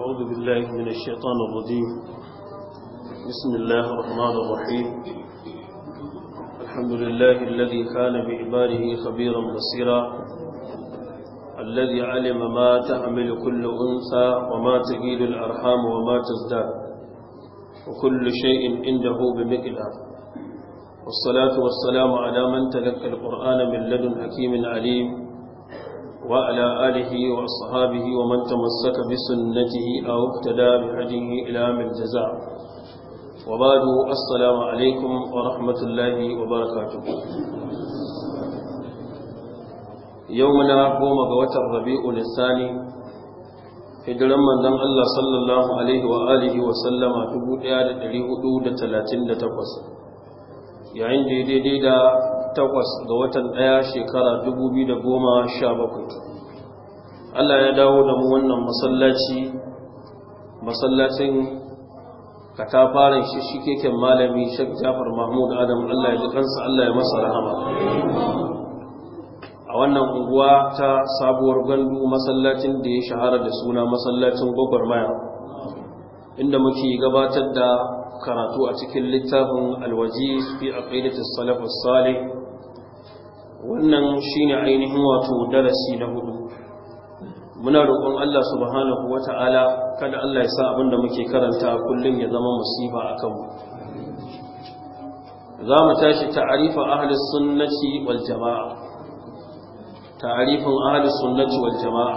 أعوذ بالله من الشيطان الرجيم بسم الله الرحمن الرحيم الحمد لله الذي كان بعباده خبيرا بصيرا الذي علم ما تعمل كل أنثى وما تجيل الأرحام وما تزداد وكل شيء عنده بمقدار والصلاة والسلام على من تلقى القرآن من لدن حكيم عليم وعلى آله وأصحابه ومن تمسك بسنته أو اقتدى بهديه إلى من الجزاء وبعد السلام عليكم ورحمة الله وبركاته يومنا قوم بوت الربيع الثاني hijiran manzon Allah sallallahu alaihi wa alihi wa sallama 1438 yayin da daidai da takwas ga watan ɗaya shekara dubu biyu da goma sha bakwai Allah ya dawo da mu wannan masallaci masallacin katafaren keken malami shek Jafar Mahmud Adam Allah ya ji kansa Allah ya masa rahama a wannan unguwa ta sabuwar gandu masallacin da ya shahara da suna masallacin gwagwarmaya inda muke gabatar da karatu a cikin littafin alwaji fi a ka'idatar salafus salih wannan shi ne ainihin wato darasi na hudu muna roƙon Allah subhanahu ta'ala kada Allah ya sa abinda muke karanta kullum ya zama musiba a kanmu za mu tashi ta'arifa ahalis sunnati wal jama'a ta'arifin ahlus sunnati wal jama'a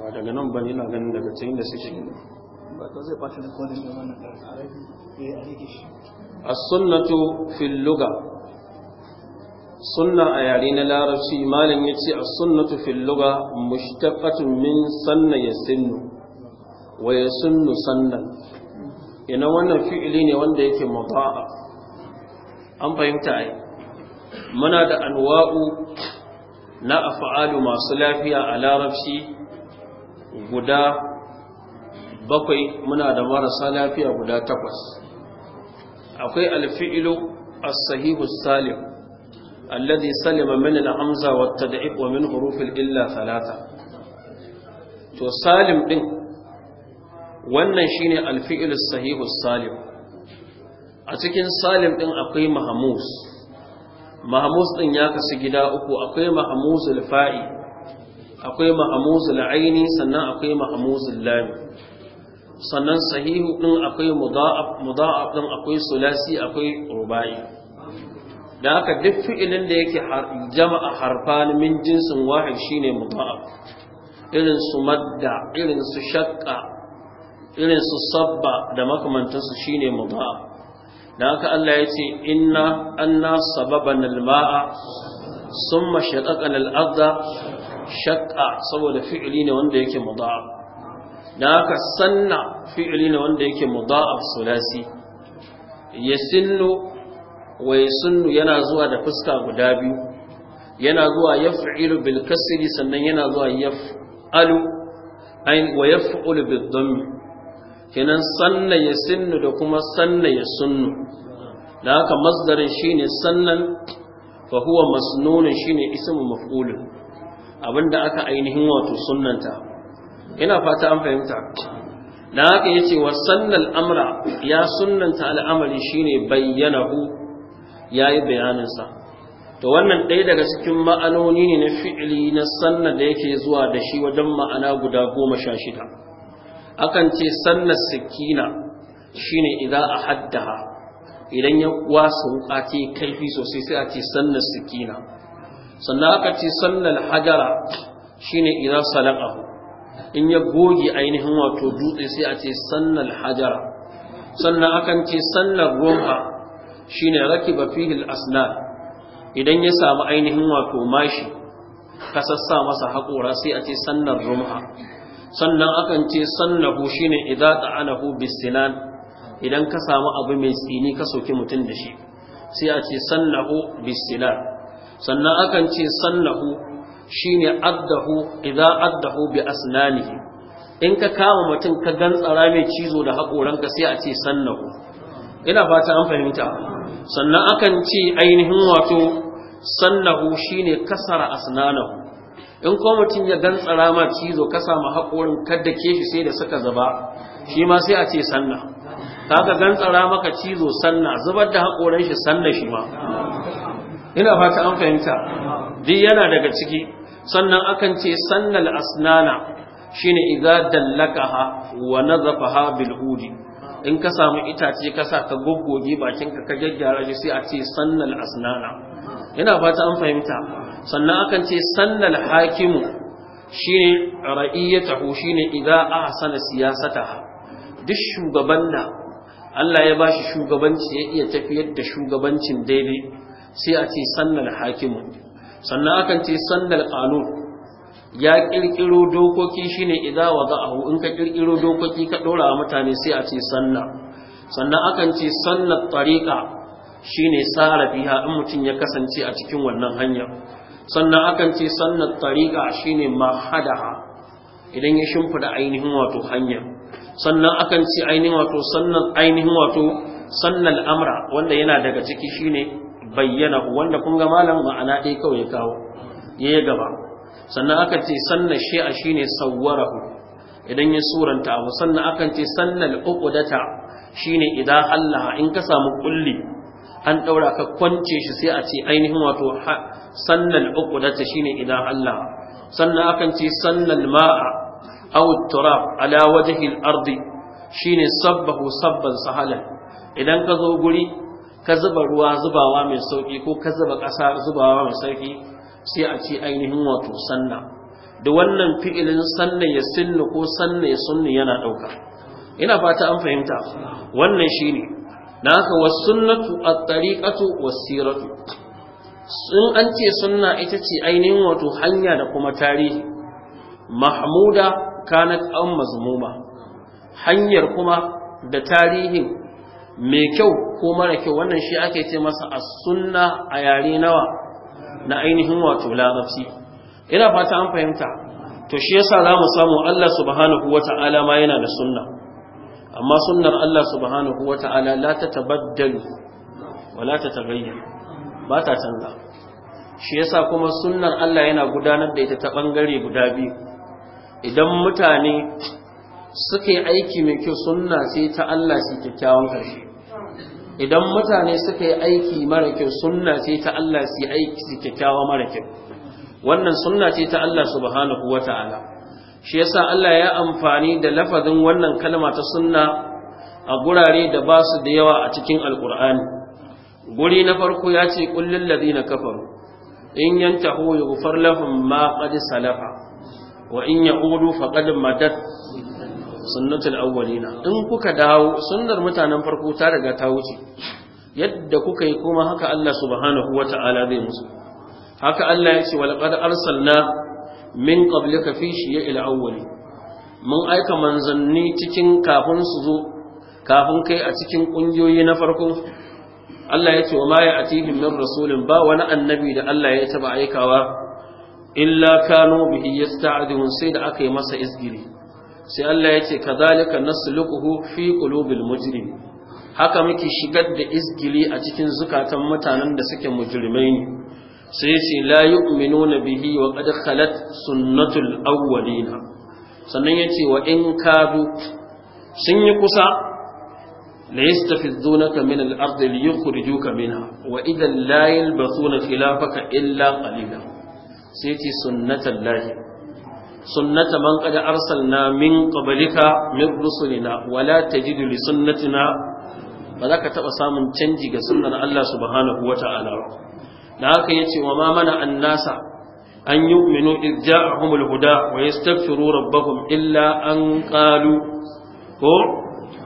ba daga nan ba ina ganin daga cikin da suke ba to zai fata da kodin da wannan eh, a rage shi as-sunnatu fil sunna a yare na larabci malam yace as-sunnatu fil lugha mushtaqatun min sanna yasinnu wa yasunnu sannan ina wannan fi'ili ne wanda yake muta'a an fahimta ai muna da anwa'u na af'alu masu lafiya a larabci guda bakwai muna da marasa lafiya guda takwas akwai alfi'ilu as-sahihu salim alladhi salima min al-hamza wa at-tad'iq wa min huruf al-illa thalatha to salim din wannan shine alfi'ilu as-sahihu salim a cikin salim din akwai mahmus mahmus din ya kasu gida uku akwai mahmuzul fa'i akwai mahmuzul aini sannan akwai mahmuzul lami sannan sahihu ɗin akwai muda'af ɗin akwai sulasi akwai rubai da haka duk fi'ilin da yake jama'a harfan min jinsin wahid shine muda'af irin su madda irin su shakka irin su sabba da makamantansu shine muda'af da haka Allah ya ce inna anna sababan alma'a summa shaqaqal al-ardha shakka saboda fi'ili ne wanda yake muda'af Da aka sanna fi'ili ne wanda yake mudha'af sulasi yasinnu wa sunnu yana zuwa da fuska guda biyu yana zuwa yaf'ilu bil kasri sannan yana zuwa yaf'alu ain wa yaf'ulu bid dhamm kenan sanna yasinnu da kuma sanna sunnu. da haka shi shine sannan fa huwa masnunun shine ismu maf'ulun abinda aka ainihin wato sunnanta ina fata an fahimta da haka yace wa sannan amra ya sunanta al'amari shine bayyanahu yayi bayaninsa to wannan ɗaya daga cikin ma'anoni ne na fi'ili na sanna da yake zuwa da shi wajen ma'ana guda goma sha shida akan ce sanna sikina shine idan a haddaha idan ya wasa wuka ce kaifi sosai sai a ce sanna sikina sannan aka ce sannal hajara shine idan salaqahu in ya goge ainihin wato dutse sai a ce sannal hajara sannan akan ce sannan ruwa shine rakiba fihi al asna idan ya samu ainihin wato mashi ka masa haƙora sai a ce sannan rumha sannan akan ce sannahu shine idza ta'anahu bisinan idan ka samu abu mai tsini ka soke mutum da shi sai a ce sannahu bisinan sannan akan ce sannahu shine addahu idza addahu bi asnanihi in ka kama mutum ka gantsara mai cizo da hakoranka sai a ce sannahu ina fata an fahimta sannan akan ce ainihin wato sannahu shine kasara asnanahu in ko mutum ya gantsara ma cizo ka samu haƙorin kadda ke shi sai da suka zuba shi ma sai a ce sanna kaga gantsara maka cizo sanna zubar da haƙorin shi sanna shi ma ina fata an fahimta duk yana daga ciki sannan akan ce sannal asnana shine idza dallakaha wa nazafaha bil udi in ka samu itace ka sa ka goggoge bakin ka ka gyaggyara shi sai a ce sannal asnana yana fata an fahimta sannan akan ce sannal hakimu shine ra'iyatahu shine idza ahsana siyasataha duk shugaban da Allah ya bashi shugabanci ya iya tafiyar da shugabancin daidai sai a ce sannan hakimu sannan akan ce sandal qanun ya kirkiro dokoki shine idza ahu in ka kirkiro dokoki ka dora wa mutane sai a ce sanna sannan akan ce sannat tariqa shine sara biha in mutun ya kasance a cikin wannan hanya sannan akan ce sannat tariqa shine mahadaha idan ya shimfida ainihin wato hanya sannan akan ce ainihin wato sannan ainihin wato sannal amra wanda yana daga ciki shine bayyana wanda kun ga malam ma'ana ɗaya kawai ya kawo ya gaba sannan aka ce sanna shi'a shine sawwarahu idan ya suranta abu sannan akan ce sannal shi ne idan Allah in ka samu kulli an ɗaura ka kwance shi sai a ce ainihin wato sannal shi ne idan Allah sannan akan ce sannan ma'a aw turab ala wajhi al-ardi shine sabbahu sabban sahalan idan ka zo guri ka zuba ruwa zubawa mai sauki ko ka zuba ƙasa zubawa mai sauki sai a ce ainihin wato sanna da wannan fi'ilin sanna ya sinnu ko sanna ya sunnu yana ɗauka ina fata an fahimta wannan shine na haka wa sunnatu a tariqatu was-siratu sun an ce sunna ita ce ainihin wato hanya da kuma tarihi mahmuda kanat an mazmuma hanyar kuma da tarihin mai kyau ko mara kyau wannan shi ake ce masa as-sunna a yare nawa na ainihin wato larabci ina fata an fahimta to shi yasa zamu samu Allah subhanahu wata'ala ma yana da sunna amma sunnar Allah subhanahu wata'ala la tatabaddalu wa la tataghayyar ba ta canza shi yasa kuma sunnar Allah yana gudanar da ita ta bangare guda biyu idan mutane suka yi aiki mai kyau sunna sai ta Allah sai kyakkyawan karshe idan mutane suka yi aiki mara kyau sunna ce ta Allah su yi aiki su kyakkyawa mara kyau wannan sunna ce ta Allah subhanahu wata'ala shi yasa Allah ya amfani da lafazin wannan kalma ta sunna a gurare da ba su da yawa a cikin alkur'ani guri na farko ya ce kullun ladina kafaru in yantahu yughfar lahum ma qad salafa wa in yaqulu faqad madat sunnatul awwalina in kuka dawo sunnar mutanen farko ta riga ta wuce yadda kuka yi kuma haka Allah subhanahu wata'ala zai musu haka Allah ya ce wal qad arsalna min qablika fi shi'il awwali mun aika manzanni cikin kafin su zo kafin kai a cikin kungiyoyi na farko Allah ya ce wa ma ya'tihim min rasulin ba wani annabi da Allah ya taba aikawa illa kanu bihi yasta'dhun sai da aka yi masa izgiri sai Allah ya ce kadhalika nasluquhu fi qulubil mujrim haka muke shigar da izgili a cikin zukatan mutanen da suke mujrimai ne sai ya ce la yu'minuna bihi wa qad khalat sunnatul awwalina sannan ya ce wa in kadu sun yi kusa la yastafizunaka min al-ardi liyukhrijuka minha wa idan la yalbathuna khilafaka illa qalila sai ya ce sunnatul sunnata man qad arsalna min qablika min rusulina wala tajidu li sunnatina ba za ka taba samun canji ga sunnar Allah subhanahu wa ta'ala da haka yace wa ma mana annasa an yu'minu idja'ahum al-huda wa yastaghfiru rabbahum illa an qalu ko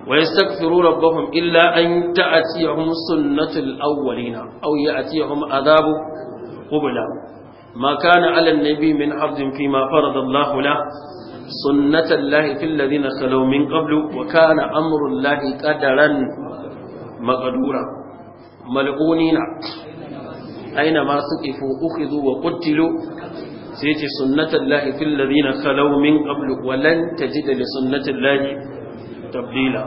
wa yastaghfiru rabbahum illa an ta'tiyahum sunnatul awwalina aw ya'tiyahum adhabu qubla ما كان على النبي من حرج فيما فرض الله له سنة الله في الذين خلوا من قبل وكان أمر الله قدرا مقدورا ملعونين أينما سقفوا أخذوا وقتلوا سيتي سنة الله في الذين خلوا من قبل ولن تجد لسنة الله تبديلا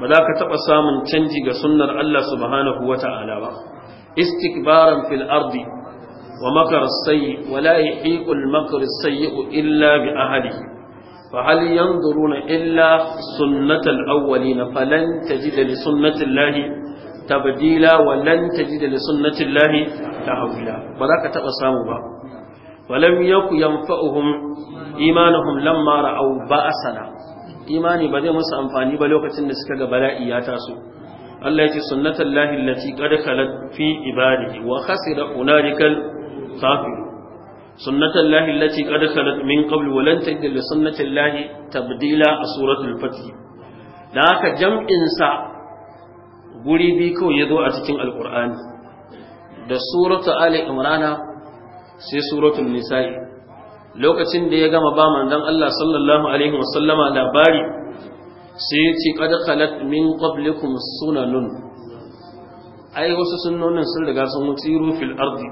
بذاك تقسام تنجي سنة الله سبحانه وتعالى استكبارا في الأرض ومكر السيء ولا يحيق المكر السيء إلا بأهله فهل ينظرون إلا سنة الأولين فلن تجد لسنة الله تبديلا ولن تجد لسنة الله تحويلا بذلك تقسام با ولم يك ينفعهم إيمانهم لما رأوا بأسنا إيماني بدي مسا أنفاني بلوكة النسكة بلائي ياتاسو الله يتي سنة الله التي قد خلت في عباده وخسر هنالك kafiru sunnatul lahi allati qad khalat min qabl wa lan tajid li sunnatil lahi tabdila a suratul fatih da haka jam'insa guri biyu kawai yazo a cikin alqur'ani da suratu ali imrana sai suratul nisa'i lokacin da ya gama ba manzon Allah sallallahu alaihi sallama labari sai ya ce qad khalat min qablikum sunanun ai wasu sunnonin sun riga sun wuce fil ardi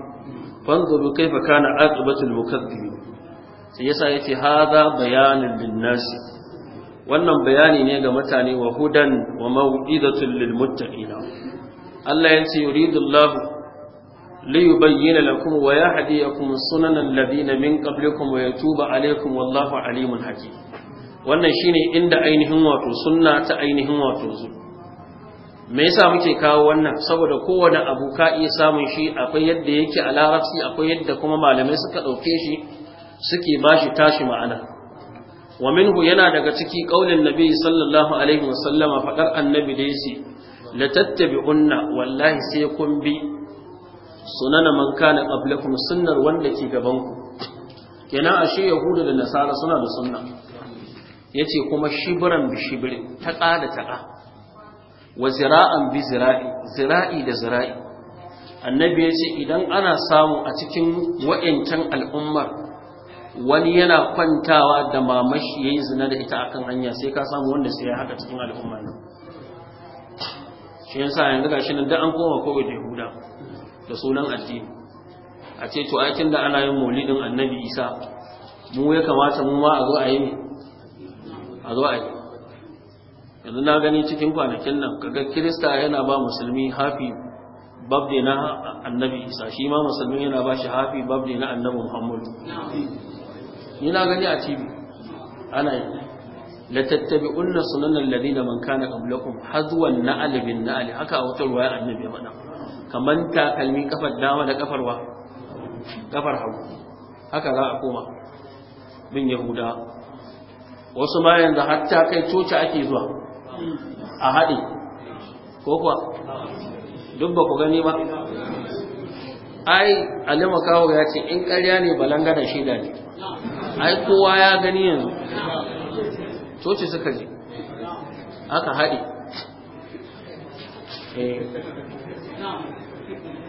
fanzuru kaifa kana aqibatul mukaththibin sai yasa yace hadha bayanin linnasi. wannan bayani ne ga mutane wa hudan wa mau'izatul lil muttaqina Allah yace yuridullahu li yubayyana lakum wa yahdiyakum sunanal ladina min qablikum wa yatuba alaykum wallahu alimun hakim wannan shine inda ainihin wato sunna ta ainihin wato zuwa me yasa muke kawo wannan saboda kowane abu ka iya samun shi akwai yadda yake a larabci akwai yadda kuma malamai suka ɗauke shi suke ba shi tashi ma'ana wa minhu yana daga ciki ƙaunin nabi sallallahu alaihi wasallama faɗar annabi da yace la tattabi'unna wallahi sai kun bi sunana man kana qablakum sunnar wanda ke gaban ku kenan ashe yahudu da nasara suna da sunna yace kuma shibran bi shibrin taqa da taqa wa zira'an bi zira'i zira'i da zira'i annabi ya ce idan ana samu a cikin wayancan al'ummar wani yana kwantawa da mamashi yayi zina da ita akan hanya sai ka samu wanda sai ya haka cikin al'umma ne shi yasa yanzu gashi nan da an koma ko da Yahuda da sunan addini a ce to aikin da ana yin maulidin annabi Isa mu ya kamata mu ma a zo a yi a zo a yi yanzu na gani cikin kwanakin nan kaga kirista yana ba musulmi hafi babde na annabi isa shi ma musulmi yana ba shi hafi babde na annabi muhammadu ni na gani a tv ana yi la tattabi'unna sunanan ladina man kana qablakum hazwan na'al bin na'al haka a wata ruwaya annabi ya faɗa kaman takalmi kafar dama da kafar wa kafar hagu haka za a koma bin yahuda wasu ma yanzu hatta kai coci ake zuwa a haɗe ko kuwa duk ba ku gani ba ai alima kawo ya ce in ƙarya ne balanga da shida ne ai kowa ya gani yanzu coci suka je aka haɗe eh,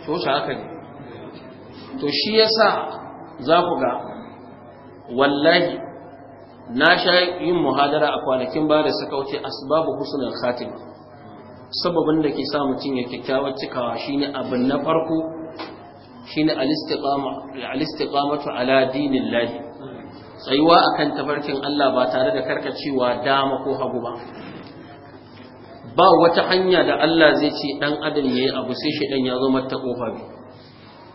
coci aka ne to shi yasa za ku ga wallahi na sha yin muhadara a kwanakin ba da suka wuce asbabu husnul katin, sababin da ke sa mutum ya kyakkyawar cikawa shine abin na farko shine al-istiqamatu ala dinillahi tsayuwa akan tabarkin Allah ba tare da karkacewa dama ko hagu ba ba wata hanya da Allah zai ce dan adam yayi abu sai shi dan ya zo mata kofa biyu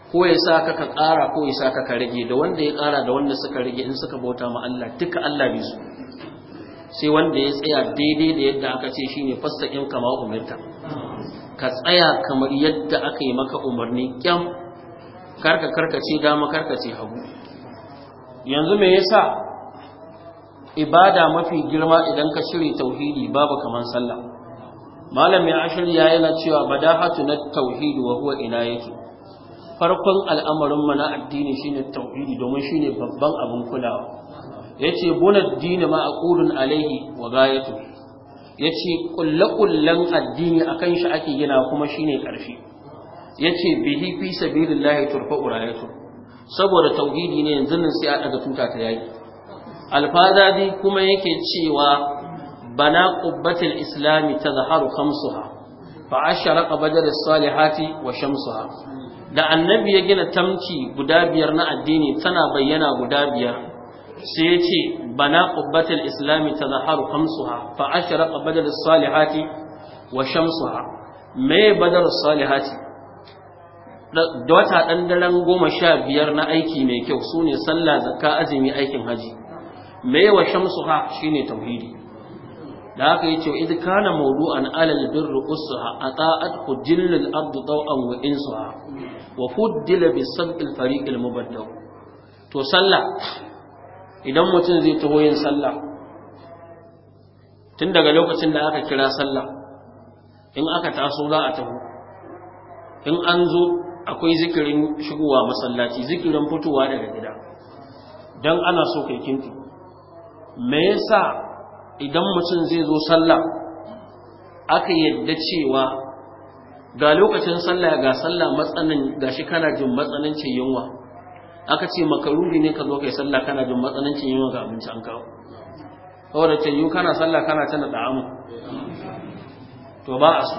ko ya sa ka kara ko ya sa ka rage da wanda ya ƙara da wanda suka rage in suka bauta ma Allah duka Allah bai su sai wanda ya tsaya daidai da yadda aka ce shine fastaqim kama umirta ka tsaya kamar yadda aka yi maka umarni kyam karka karkace dama karkace hagu yanzu me yasa ibada mafi girma idan ka shirya tauhidi babu kaman sallah malam ya ashir ya yana cewa badahatu na tauhidi wa huwa ina yake farkon al'amarin mana addini shine tauhidi domin shine babban abin kulawa yace bunad dini ma aqulun alaihi wa ce, yace kullakullan addini kan shi ake gina kuma shine ya yace bihi fi sabilillahi turfa'u rayatu saboda tauhidi ne yanzu nan sai a daga tuta ta yayi. alfazadi kuma yake cewa bana qubbatul islami tazharu khamsuha fa ashraqa da salihati wa shamsuha da annabi ya gina tamci guda biyar na addini tana bayyana guda biyar sai ya ce bana ƙubbatar islami zaharu khamsuha fa ashraqa badal salihati wa shamsuha me badar salihati da wata ɗandaren goma sha biyar na aiki mai kyau sune sallah zakka azumi aikin haji me wa shamsuha shine tauhidi da haka yace idan kana an alal birru usha ata'at hujjil al-ard taw'an wa insa wa fuddila bi sab'i al-fariq al to sallah idan mutum zai taho yin sallah tun daga lokacin da aka kira sallah in aka taso za a taho in an zo akwai zikirin shigowa masallaci zikirin fitowa daga gida dan ana so kai kinti me yasa idan mutum zai zo sallah aka yadda cewa ga lokacin sallah ga sallah matsanin ga shi kana jin matsanancin yunwa aka ce makaruri ne ka zo kai sallah kana jin matsanancin yunwa ga abinci an kawo saboda tayyu kana sallah kana tana da'amu to ba a so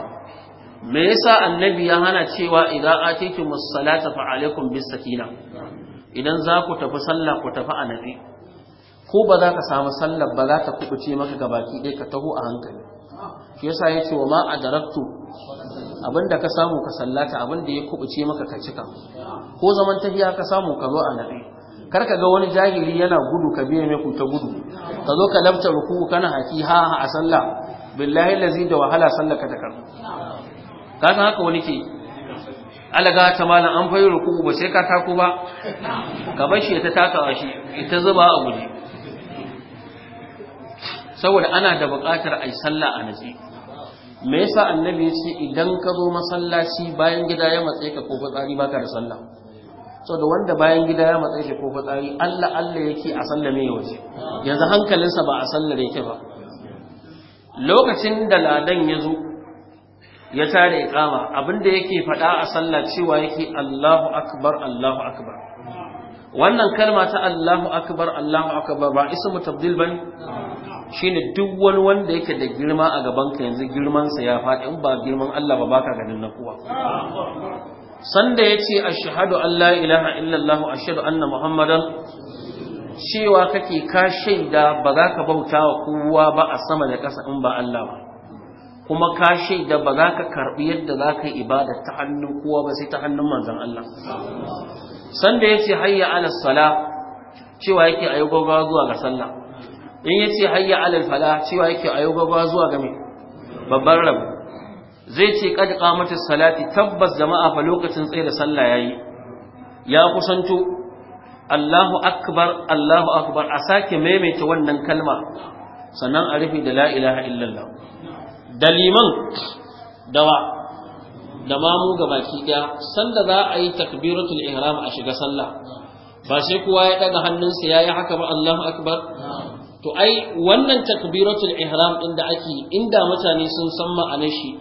me yasa annabi ya hana cewa idan atikum as-salata fa alaikum bis sakina idan za ku tafi sallah ku tafi a nafi ko ba za ka samu sallar ba za ta kubuce maka ga baki ɗaya ka taho a hankali shi yasa ya ce wa ma a darakto abinda ka samu ka sallata abinda ya kubuce maka ka cika ko zaman tafiya ka samu ka zo a naɗe kar ka ga wani jahili yana gudu ka biya mai ta gudu ka zo ka labta ruku kana haki ha a sallah billahi lazi da wahala sallar ka ta karbu kaga haka wani ke alaga ta malam an fayi ruku ba sai ka tako ba ka bar shi ta takawa shi ita zuba a guje saboda ana da buƙatar a yi sallah a natsi me yasa annabi ya ce idan ka zo masallaci bayan gida ya matse ka ko fitsari baka da sallah saboda wanda bayan gida ya matse shi ko fitsari Allah Allah yake a sallame ya waje yanzu hankalinsa ba a sallar yake ba lokacin da ladan ya zo ya tare iqama abinda yake faɗa a sallah cewa yake Allahu akbar Allahu akbar wannan kalma ta Allahu akbar Allahu akbar ba ismu tabdil bane shine duk wani wanda yake da girma a gabanka yanzu girmansa ya faɗi in ba girman Allah ba baka ganin na kuwa sanda yace ashhadu an la ilaha illallah ashhadu anna muhammadan cewa kake ka shaida ba za ka bauta wa kowa ba a sama da ƙasa in ba Allah ba kuma ka shaida ba za ka karɓi yadda za ka yi ibada ta hannun kowa ba sai ta hannun manzan Allah sanda yace hayya ala sala cewa yake yi zuwa ga sallah in ya ce hayya alal fala cewa yake ayo gaba zuwa game, babban rabu zai ce kad mata salati tabbas jama'a fa lokacin tsaye da sallah yayi ya kusanto Allahu akbar Allahu akbar a sake maimaita wannan kalma sannan a rufe da la ilaha illallah da dawa da mamu ga baki daya sanda za a yi takbiratul ihram a shiga sallah ba sai kowa ya daga hannunsa yayi haka ba Allahu akbar to ai wannan takbiratul ihram ɗin da ake inda mutane sun san ma'anar shi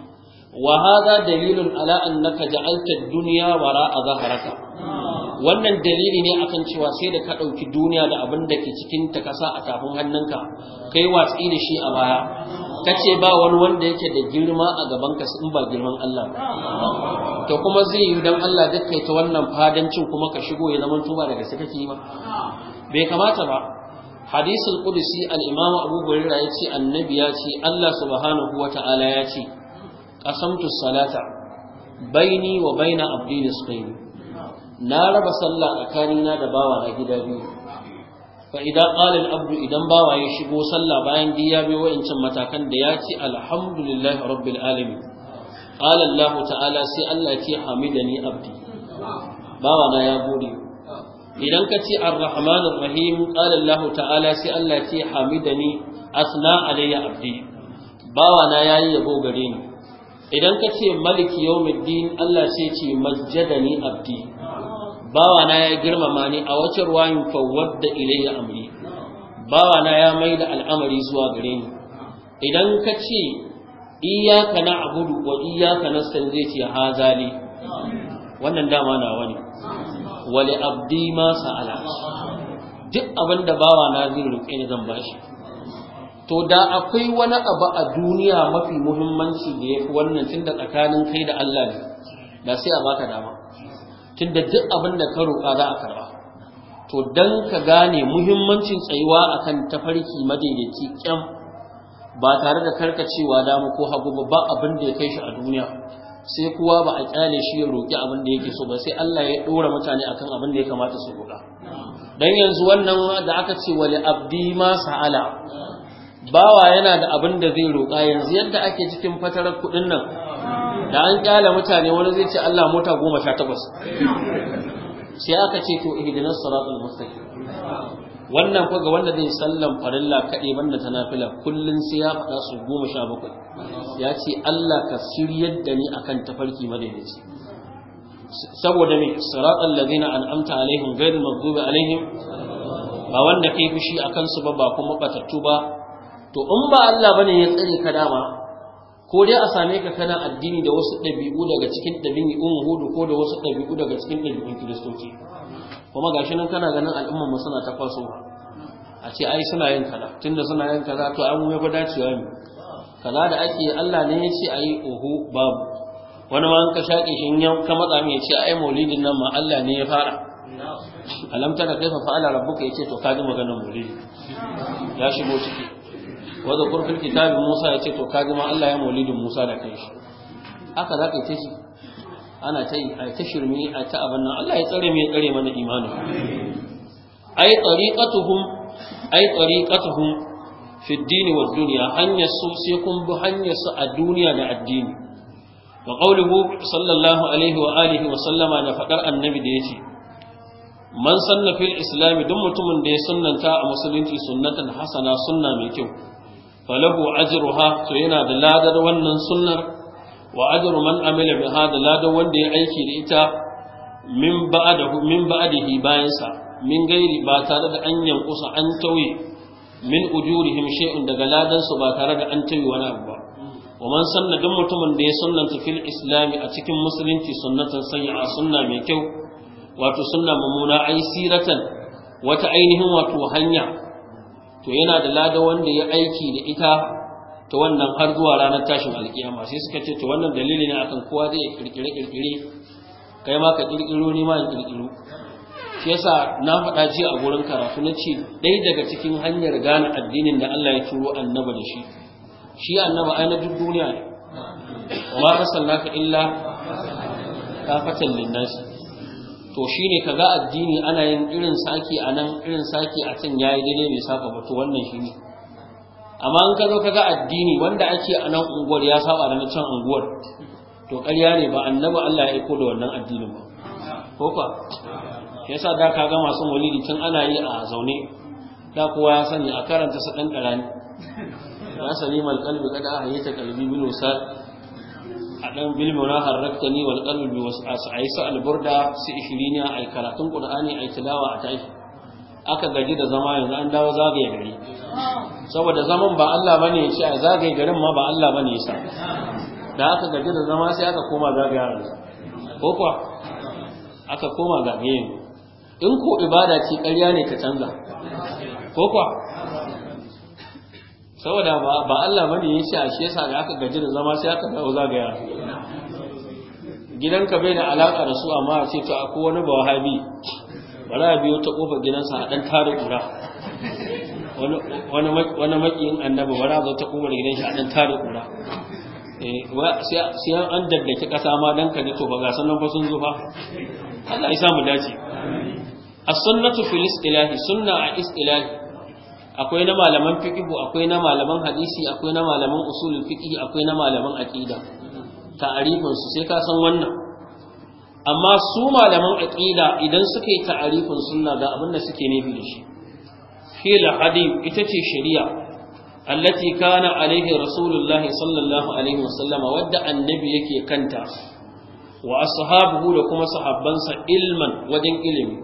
wa dalilin dalilun ala annaka ja'alta ad-dunya wara'a zahraka wannan dalili ne akan cewa sai da ka dauki duniya da abin da ke cikin ta kasa a tafin hannunka kai watsi da shi a baya kace ba wani wanda yake da girma a gaban ka in ba girman Allah to kuma zai yi dan Allah duk kai ta wannan fadancin kuma ka shigo ya zama tuba daga sakaki kake ba bai kamata ba hadisul qudsi al-imam abu hurairah yace annabi ya ce Allah subhanahu wata'ala ya ce qasamtu salata baini wa baina abdi nisfaini na raba sallah tsakanina da bawa na gida biyu fa idan abdu idan bawa ya shigo sallah bayan giya bi wa'ancin matakan da ya ce alhamdulillahi rabbil alamin qala ta'ala sai Allah ya ce hamidani abdi bawa na ya gode idan ka ce ar-rahman ar-rahim qala ta'ala sai Allah ce hamidani asna alayya abdi bawa na yayi yabo gare ni idan ka ce maliki yawmiddin Allah sai ce majjadani abdi bawa na ya girmama ni a wace ruwayin fawwadda ilayya amri bawa na ya maida al'amari zuwa gare ni idan ka ce iyaka na abudu wa iyaka na zai ce hazali wannan dama na wani wali abdi ma sa'ala duk abin da bawa na zai roƙe ni zan bashi to da akwai wani abu a duniya mafi muhimmanci da yafi wannan tunda tsakanin kai da Allah ne da sai a baka dama tunda duk abin da ka roƙa za a karba to dan ka gane muhimmancin tsayuwa akan tafarki madaidaici kyam ba tare da karkacewa damu ko hagu ba abin da ya kai shi a duniya sai kuwa ba a kyale shi ya roƙi abin da yake so ba sai Allah ya ɗora mutane akan abin da ya kamata su roƙa dan yanzu wannan da aka ce wali abdi ma sa'ala bawa yana da abin da zai roƙa yanzu yadda ake cikin fatarar kuɗin nan da an kyale mutane wani zai ce Allah mota goma sha takwas sai aka ce to ihdinas siratal mustaqim wannan ko ga wanda zai sallan farilla kaɗai banda ta nafila kullum sai ya faɗa su goma sha bakwai ya ce Allah ka shiryar da ni akan tafarki madaidaici saboda me siratal ladina an'amta alaihim ghairil maghdubi alaihim ba wanda kai fushi akan su ba ba kuma batattu ba to in ba Allah bane ya tsare ka dama ko dai a same ka kana addini da wasu ɗabi'u daga cikin ɗabi'un hudu ko da wasu ɗabi'u daga cikin ɗabi'un kiristoci kuma shi nan kana ganin al'ummar mu suna ta kwaso a ce ai suna yin kaza tunda suna yin kaza to an yafi dacewa ne kaza da ake Allah ne ya ce yi oho babu wani ma an ka shaƙe shi yan ka matsa mai ya ce ai maulidin nan ma Allah ne ya fara alam tara kaifa fa'ala rabbuka ce to kaji maganar maulidi ya shigo ciki wa kurfin kitabin Musa ya ce to kaji ma Allah ya maulidin Musa da kai shi haka zaka yi ta ana ta yi a shirme a ta abin nan Allah ya tsare mai tsare mana imanin ai tariqatuhum ai tariqatuhum fi ad wa ad-dunya hanyar su sai kun bi hanyar su a duniya da addini wa qawluhu sallallahu alaihi wa alihi wa sallama da fadar annabi da yace man sanna fil islam duk mutumin da ya sunnanta a musulunci sunnatan hasana sunna mai kyau falahu ajruha to yana da ladar wannan sunnar wa ajru man amila bi hada da wanda ya aiki da ita min ba'da min ba'dihi bayan sa min gairi ba tare da an yankusa an tauye min ujurihim shay'un daga ladan su ba tare da an tauye wani abu ba wa man sanna duk mutumin da ya sunnanta fil islami a cikin musulunci sunnatan sayyi'a sunna mai kyau wato sunna mummuna ai siratan wata ainihin wato hanya to yana da ladan wanda ya aiki da ita ta wannan har zuwa ranar tashin alkiyama sai suka ce ta wannan dalili ne akan kowa zai kirkire kirkire kai ma ka kirkiro ni ma in kirkiro shi yasa na faɗa ji a gurin karatu na ce ɗaya daga cikin hanyar gane addinin da Allah ya turo annaba da shi shi annaba ai na duk duniya ne wa arsalnaka illa kafatan linnas to shine kaga addini ana yin irin saki anan irin saki a can yayi daidai mai saka ba to wannan shine amma in ka zo ga addini wanda ake a nan unguwar ya saba da na can unguwar to ƙarya ne ba annabi Allah ya iko da wannan addinin ba ko fa yasa da ka ga masu maulidi tun ana yi a zaune da kowa ya sani a karanta su dan karani ya salimal qalbi kada a hayyata qalbi bil wasal dan bil muna harraktani wal qalbi wasas aisa al burda si ishirina ay karatun qur'ani ay tilawa a tashi aka gaji da zama yanzu an dawo zagaye gari saboda zaman ba Allah ba ya ce a zagaye garin ma ba Allah ne ya sa da aka gaji da zama sai aka koma zagayen ko kuwa aka koma zagaye in ko ibada ce ƙarya ne ta canza ko kuwa saboda ba Allah ne ya ce a shi yasa da aka gaji da zama sai aka dawo yaran gidanka bai da alaƙa da su amma a ce to akwai wani ba wahabi ba za a biyo ta ƙofar gidansa a ɗan tare ƙura wani makiyin annabi wara za ta kowar gidan shi a ɗan tare kura eh, sai an daddake ƙasa ma don ka to ba ga sannan ba sun zo ba Allah Isa mu dace a sunnatu fil istilahi sunna a istilahi akwai na malaman fiqhu akwai na malaman hadisi akwai na malaman usulul fiqh akwai na malaman aqida ta'arifin su sai ka san wannan amma su malaman aqida idan suka yi ta'arifin sunna ga abin da suke nufi da shi hila hadi ita ce shari'a allati kana alaihi rasulullahi sallallahu alaihi wasallama wadda annabi yake kanta wa ashabuhu da kuma sahabbansa ilman wajen ilimi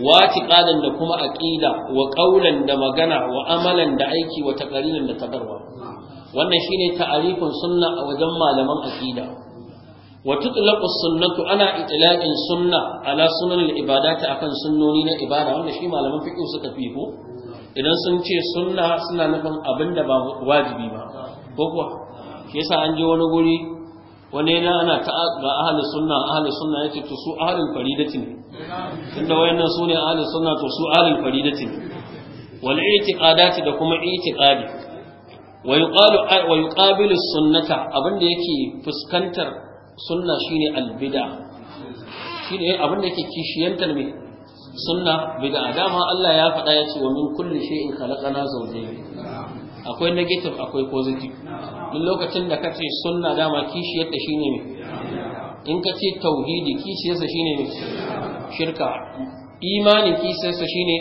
wati qadan da kuma aƙida, wa qaulan da magana wa amalan da aiki wa taqaririn da tagarwa wannan shine ta'arifin sunna a wajen malaman aqida wa tutlaqu sunnatu ana itlaqin sunna ala sunan al-ibadat akan sunnoni na ibada wanda shi malaman fiqh suka fi ko idan sun ce sunna suna nufin abin da ba wajibi ba ko kuwa ke yasa an je wani guri wani yana ana ta ga ahli sunna ahli sunna yace to su ahlul faridati ne tunda wayannan su ne ahli sunna to su ahlul faridati ne wal i'tiqadati da kuma i'tiqadi wa yuqalu wa yuqabilu sunnata abinda yake fuskantar sunna shine al bid'a shine abinda yake kishiyantar mai sunna bid'a dama Allah ya faɗa ya ce wa min kulli shay'in khalaqana zawjayn akwai negative akwai positive duk lokacin da ka ce sunna dama kishi yadda shine ne in ka ce tauhidi kishi sa shine ne shirka imani kishi sa shine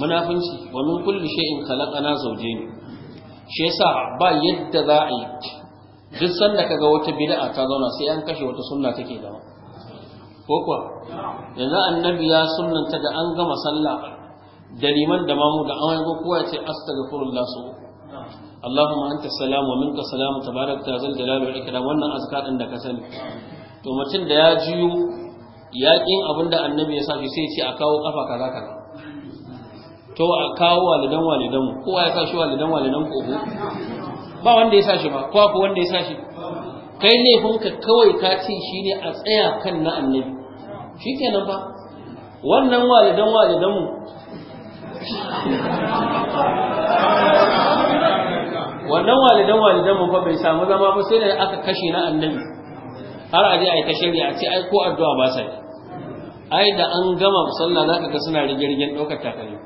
munafinci wa min kulli shay'in khalaqana zawjayn shi yasa ba yadda za a yi duk sanda kaga wata bid'a ta zauna sai an kashe wata sunna take da ko kuwa yanzu annabi ya sunanta da an gama sallah da liman da mamu da an ko kowa ce astaghfirullah su Allahumma anta salam wa minka salam tabarakta zal jalali wal ikram wannan azkar din da ka sani to mutum da ya jiyo yaƙin abinda annabi ya saki sai ce a kawo kafa kaza kaza to a kawo walidan walidan kowa ya sashi walidan walidan kogo ba wanda ya sashi ba kowa ko wanda ya sashi kai ne hunka kawai ka ce shine a tsaya kan na annabi shi kenan ba wannan walidan walidan mu wannan walidan walidan mu fa bai samu zama ba sai da aka kashe na annabi har aje ai ta shirya a ce ai ko addu'a ba sai ai da an gama sallah zaka ga suna rigirgin ɗaukar takalmi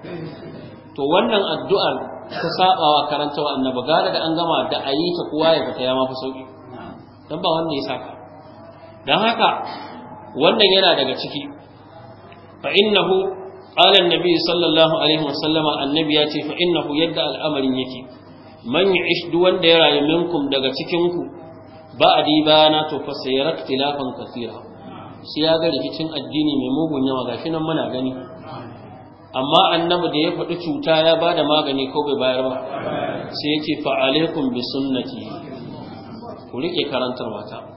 to wannan addu'ar ta sabawa wa annabi gara da an gama da ayi ta kowa ya fita ya ma fi sauki dan ba wanda ya saka dan haka wannan yana daga ciki fa innahu qala annabi sallallahu alaihi wasallama annabi ya ce fa innahu yadda al'amarin yake man ya'ish wanda ya rayu minkum daga cikin ku ba bana to fa sayarat tilafan kathira shi ya ga rikicin addini mai mugun yawa gashi nan muna gani amma annabi da ya faɗi cuta ya ba da magani ko bai bayar ba sai ya ce fa alaikum bi sunnati ku rike karantar mata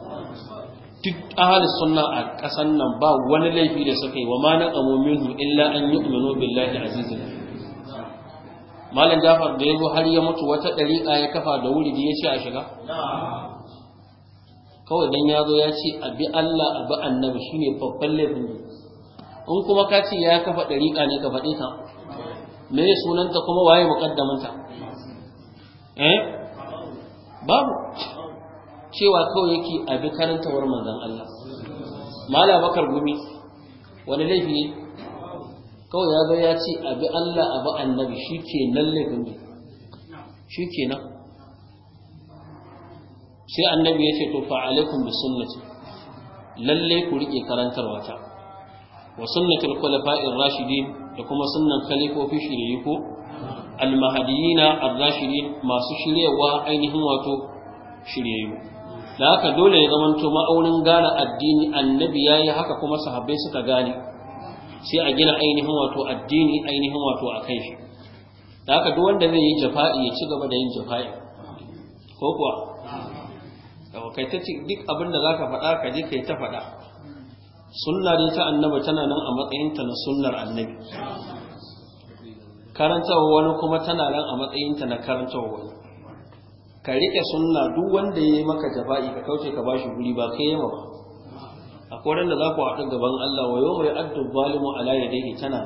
duk ahalus sunna a ƙasan nan ba wani laifi da suka yi wa ma naqamu minhum illa an yi yu'minu billahi azizil malam jafar da zo har ya mutu wata ɗariƙa ya kafa da wuri da ya ce a shiga kawai dan ya zo ya ce abi Allah abi annabi ne babban laifin in kuma ka ce ya kafa ɗariƙa ne ka faɗe ta me sunanta kuma waye muƙaddamanta eh babu cewa kawai yake abin karantawar manzon Allah mala bakar gumi wani laifi ne kawai ya zo ya ce bi Allah abu annabi nan laifin ne nan? sai annabi ya ce to fa alaikum bi sunnati lalle ku rike karantarwa ta wa sunnatul khulafa'ir rashidin da kuma sunnan khalifofi shiriyu ko al-mahdiyina a Rashidi masu shiryawa ainihin wato shiryayyu da haka dole ya zamanto ma'aunin gane addini annabi ya yi haka kuma sahabbai suka gane sai a gina ainihin wato addini ainihin wato a kai shi da haka duk wanda zai yi jafa'i ya ci gaba da yin jafa'i ko kuwa da kai ta ci duk abin da za ka faɗa ka je kai ta faɗa sunna dai ta annabi tana nan a matsayinta na sunnar annabi karantawa wani kuma tana nan a matsayinta na karantawa wani ka rike sunna duk wanda ya yi maka jafa'i ka kauce ka bashi guri ba kai yawa ba akwai ran da za ku haɗu gaban Allah wa yawma ya'addu zalimu ala yadayhi tana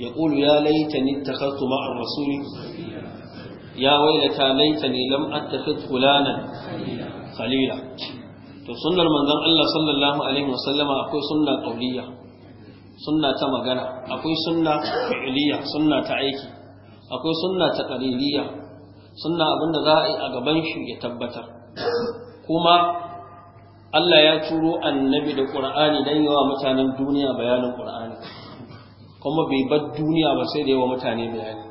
ya qulu ya laita laitani takhattu ma'a rasuli ya wailata laitani lam attakhid fulanan khalila to sunnar manzon Allah sallallahu alaihi wa sallama akwai sunna qauliya sunna ta magana akwai sunna fi'liya sunna ta aiki akwai sunna ta qaririya sunna abin da za a yi a gaban shi ya tabbatar kuma Allah ya turo annabi da Qur'ani dan yawa mutanen duniya bayanin Qur'ani kuma bai bar duniya ba sai da yawa mutane bayani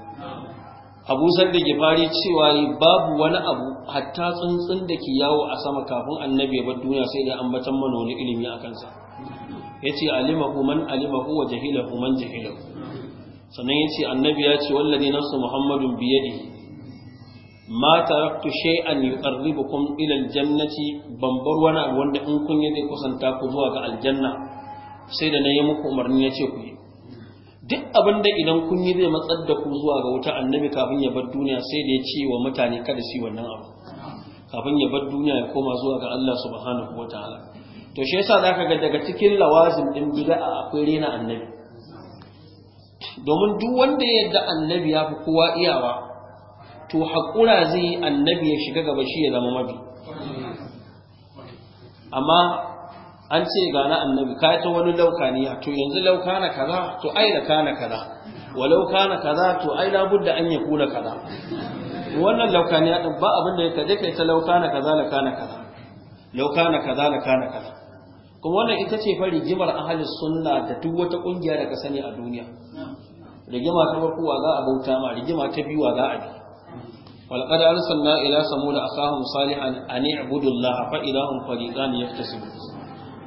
Abu ke fari cewa babu wani abu hatta tsuntsun da ke yawo a sama kafin annabi ya bar duniya sai da ambatan mana wani ilimi a kansa yace alimahu man alimahu wa jahilahu man jahilahu sannan yace annabi ya ce wallazi nafsu muhammadun biyadihi ma taraktu shay'an yuqarribukum ila aljannati ban bar wani abu wanda in kun yi zai kusanta ku zuwa ga aljanna sai da nayi muku umarni ya ce ku yi duk abin da idan kun yi zai matsar da ku zuwa ga wuta annabi kafin ya bar duniya sai da ya ce wa mutane kada su yi wannan abu kafin ya bar duniya ya koma zuwa ga Allah subhanahu wataala to shi yasa zaka ga daga cikin lawazim din bid'a akwai rena annabi domin duk wanda ya yarda annabi ya fi kowa iyawa to haƙura zai annabi ya shiga gaba shi ya zama mabi amma an ce gana annabi ka ta wani laukaniya to yanzu laukana kaza to ai da kana kaza walau kana kaza to ai da budda an ya kuna kaza wannan laukaniya ne ba abin da ya kaje kai ta laukana kaza na kana kaza laukana kaza na kana kaza kuma wannan ita ce fa rigimar ahli sunna da duk wata kungiya da ka sani a duniya rigima ta farko wa za a bauta ma rigima ta biyu wa za a bi ولقد أرسلنا إلى ثمود أخاهم صالحا أن اعبدوا الله فإذا هم فريقان يختصمون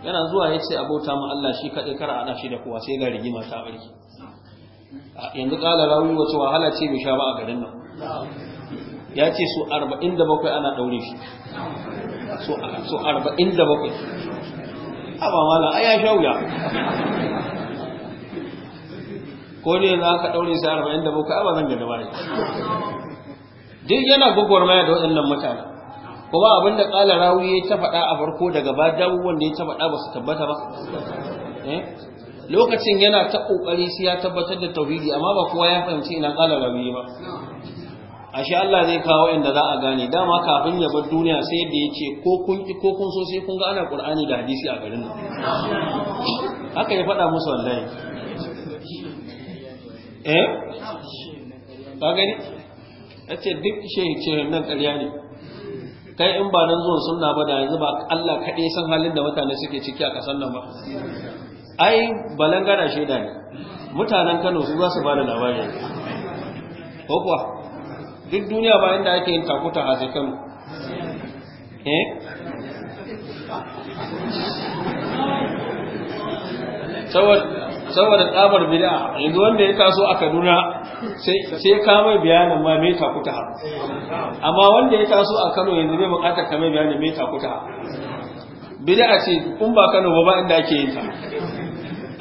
yana zuwa ya ce abota mu Allah shi kaɗai kar ana shi da kuwa sai ga rigima ta ɓarki yanzu ƙala rawi wace wahala ce bai sha ba a garin nan ya ce su arba'in da bakwai ana ɗaure shi su arba'in da bakwai a ba mala a ya sha wuya ko ne za ka ɗaure su arba'in da bakwai a ba zan gaba ne duk yana gwagwarmaya da waɗannan mutane kuma abin da ƙala rawi ya ta faɗa a farko daga ba wanda ya ta faɗa ba su tabbata ba eh? lokacin yana ta ƙoƙari sai ya tabbatar da tauhidi amma ba kowa ya fahimci ina ƙala rawi ba ashe Allah zai kawo inda za a gane dama kafin ya bar duniya sai da ya ce ko kun kun so sai kun ga ana Qur'ani da hadisi a garin nan haka ya faɗa musu wallahi eh ka gani ya ce duk shehi ce nan ƙarya ne kai in ba nan zuwan sunna ba da yanzu ba Allah kaɗai san halin da mutane suke ciki a ƙasar nan ba ai balangana shaida ne mutanen Kano su za su ba da labari ko kuwa duk duniya ba inda ake yin takuta a sai Kano eh saboda tsabar bid'a yanzu wanda ya taso a Kaduna sai ka mai bayanin ma me ta kuta amma wanda ya taso a Kano yanzu bai bukatar ka mai bayanin me ta kuta bid'a ce kun ba Kano ba ba inda ake yin ta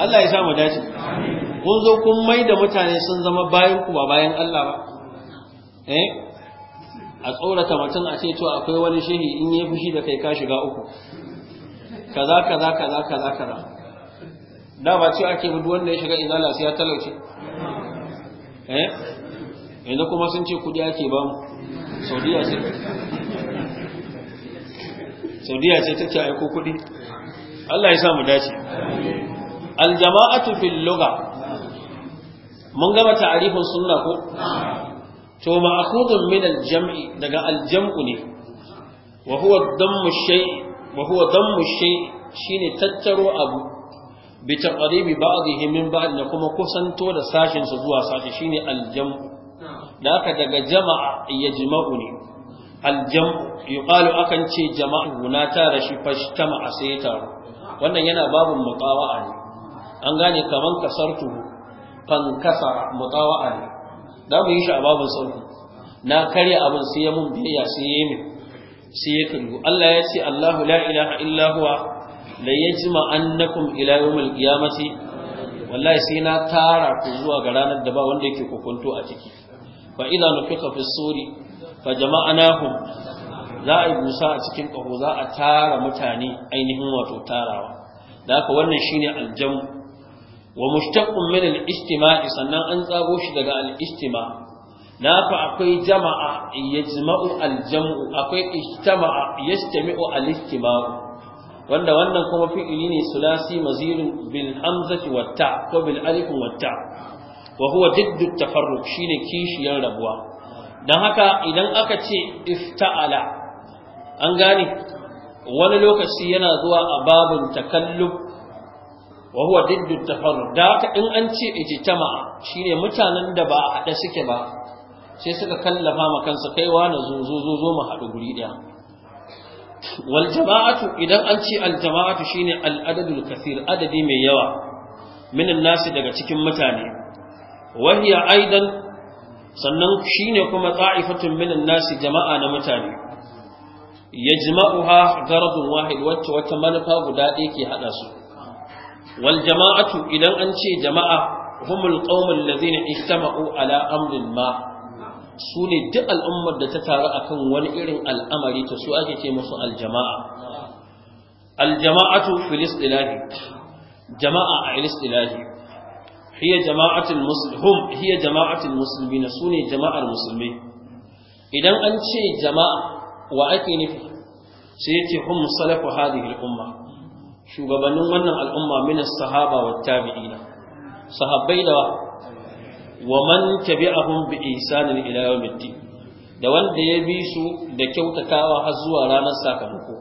Allah ya sa mu dace kun zo kun mai da mutane sun zama bayan ku ba bayan Allah ba eh a tsorata mutum a ce to akwai wani shehi in yi fushi da kai ka shiga uku kaza kaza kaza kaza kaza da ba ce ake hudu wanda ya shiga izala sai ya talauce eh yanzu kuma sun ce kudi ake ba mu saudiya ce saudiya ce take aiko kudi Allah ya sa mu dace al jama'atu fil lugha mun gama ta'arifin sunna ko to ma'khudun min al-jam'i daga al-jam'u ne wa huwa dammu shay wa huwa dammu shay shine tattaro abu bi taqribi ba'dihim min ba'd ne kuma kusanto da sashin su zuwa sashi shine aljam'u da aka daga jama'a yajma'u ne aljam'u yuqalu akan ce jama'a guna tara shi fashtama sai wannan yana babun mutawa'a ne an gane kaman kasartu kan kasa mutawa'a ne da mu yi shi a babun sauki na karya abin sai mun biya sai ya yi sai ya kallu Allah ya ce Allahu la ilaha illa huwa la yajma annakum ila yawmil qiyamati wallahi sai na tara ku zuwa ga ranar da ba wanda yake kokonto a ciki fa idza nufiqa fi suri fa jama'anahum za a yi busa a cikin ƙaho za a tara mutane ainihin wato tarawa da haka wannan shine aljamu wa mushtaqqun min al ijtimai sannan an tsago shi daga al ijtima na fa akwai jama'a yajma'u al-jam'u akwai ijtama'a yajtami'u al-istima'u wanda wannan kuma fi'ili ne sulasi mazirin bil hamzati watta ko bil alif watta wa huwa diddu tafarruq shine kishiyar rabuwa dan haka idan aka ce ifta'ala an gane wani lokaci yana zuwa a babun takallub wa huwa diddu tafarruq da haka in an ce ijtama'a shine mutanen da ba a hada suke ba sai suka kallafa ma kansu kaiwa na zo zo zo mu haɗu guri ɗaya wal jama'atu idan an ce aljama'atu shine al adadul kathir adadi mai yawa minan nasi daga cikin mutane wahiya aidan sannan shine kuma ta'ifatun minan nasi jama'a na mutane yajma'uha gharadun wahid wacce wata manufa guda ɗaya ke hada su waljama'atu idan an ce jama'a humul qaumul ladzina ijtama'u ala amrin ma su ne duk al'ummar da ta taru a kan wani irin al'amari ta su ake ce musu aljama'a aljama'atu fil jama'a a istilahi hiya jama'atul muslim hiya su ne jama'ar musulmi idan an ce jama'a wa ake nufi sai yace hum salafu hadhihi al-umma shugabannin wannan al'umma min as-sahaba wat tabi'ina sahabbai da wa man tabi'ahum bi ihsanin ila yawmiddin da wanda ya bi su da kyautatawa har zuwa ranar sakamako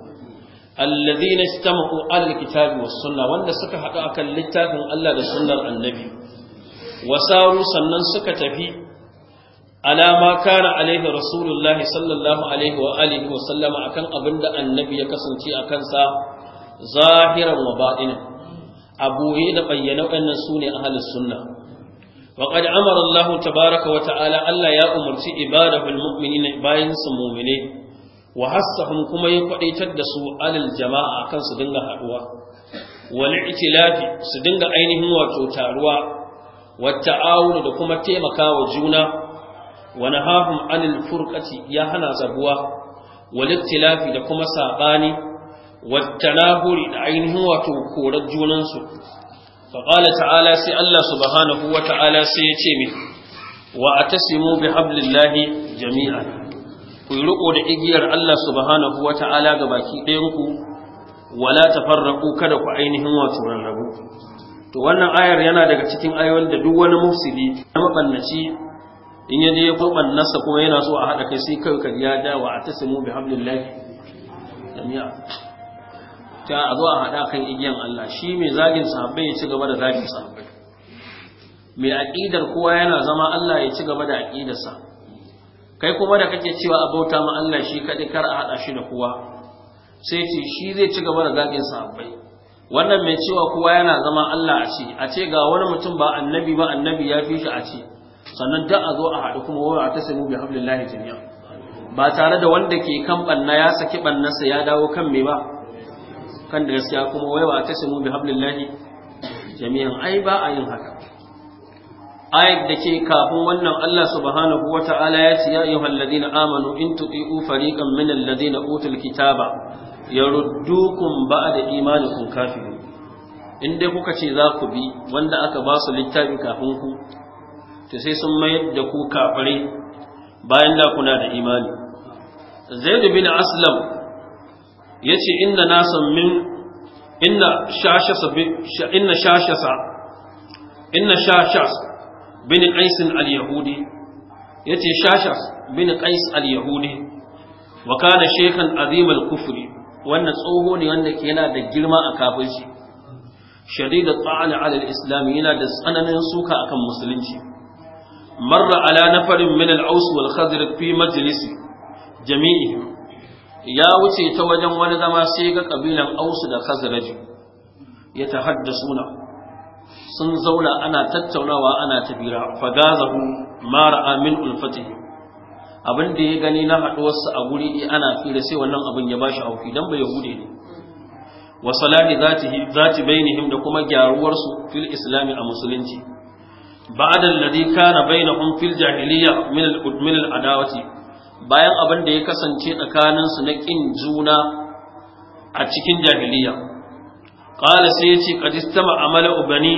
alladhina istama'u ala alkitabi was sunnah wanda suka haɗu akan littafin Allah da sunnar annabi wasaru sannan suka tafi alama kana alaihi rasulullahi sallallahu alaihi wa alihi wa sallama akan abinda annabi ya kasance a kansa zahiran wa ba'inan a da bayyana wannan sune ahlus sunnah وقد أمر الله تبارك وتعالى ألا يا أمر عباده المؤمنين باين سمومنين وحسهم كما يقعي تدسوا على الجماعة كان سدنغ هدوا والائتلاف سدنغ أينهم وتوتاروا والتعاون لكما تيمكا وجونا ونهاهم عن الفرقة يهنا زبوا والاختلاف لكما ساقاني والتناهر لعينهم وتوكور الجونانسو فقال تعالى سي الله سبحانه وتعالى سي يتيمي واعتصموا بحبل الله جميعا كيرقوا لإجير الله سبحانه وتعالى غباكي دينكو ولا تفرقوا كدكو عينهم وترنبوا to wannan ayar yana daga cikin ayoyin da duk wani mufsidi na mabannaci in yaje ya kurban nasa kuma yana so a hada kai sai kai ka ya dawa a tasimu bi hablillahi jami'a ta a zo a kan igiyan Allah shi mai zagin sahabbai ya ci gaba da zagin sahabbai mai aƙidar kowa yana zama Allah ya ci gaba da aƙidarsa kai kuma da kake cewa a bauta ma Allah shi kaɗai kar a haɗa shi da kowa sai ce shi zai ci gaba da zagin sahabbai wannan mai cewa kowa yana zama Allah a ce a ce ga wani mutum ba annabi ba annabi ya fi shi a ce sannan da a zo a haɗu kuma wani a tasiru bi hablillahi jami'a ba tare da wanda ke kan banna ya saki bannarsa ya dawo kan mai ba kan da gaskiya kuma wai wa tasimu bi hablillahi jami'an ai ba a yin haka ayat da ke kafin wannan Allah subhanahu wata'ala ya ce ya ayyuhal ladina amanu in tuti'u fariqan min alladina utul kitaba yaruddukum ba'da imanikum kafirun in dai kuka ce za ku bi wanda aka ba su littafi kafin ku to sai sun mayar da ku kafare bayan da kuna da imani zaid bin aslam yace inda na min inna shashasa inna shashasa inna shashas bin qais al-yahudi yace shashas bin qais al-yahudi wa kana shaykhan azim al-kufri wannan tsoho ne wanda ke yana da girma a kafirci shadid al-ta'an ala al-islam yana da tsananin suka akan musulunci marra ala nafarin min al-aus wal khazraj fi majlisi jami'ihim ya wuce ta wajen wani zama sai ga kabilan ausu da khazraj ya tahaddasuna sun zauna ana tattaunawa ana tabira fagazahu mara amin ulfati abin da ya gani na haɗuwarsa a guri eh, ana fira sai wannan abin ya bashi auki dan bai yahude ne wa salati zatihi zati bainihim da kuma su fil islami a musulunci ba'da alladhi kana bainahum fil jahiliya min al-adawati bayan abin da ya kasance tsakaninsu na ƙin juna a cikin jahiliya ƙala sai ya ce ƙadistama a mala'u bani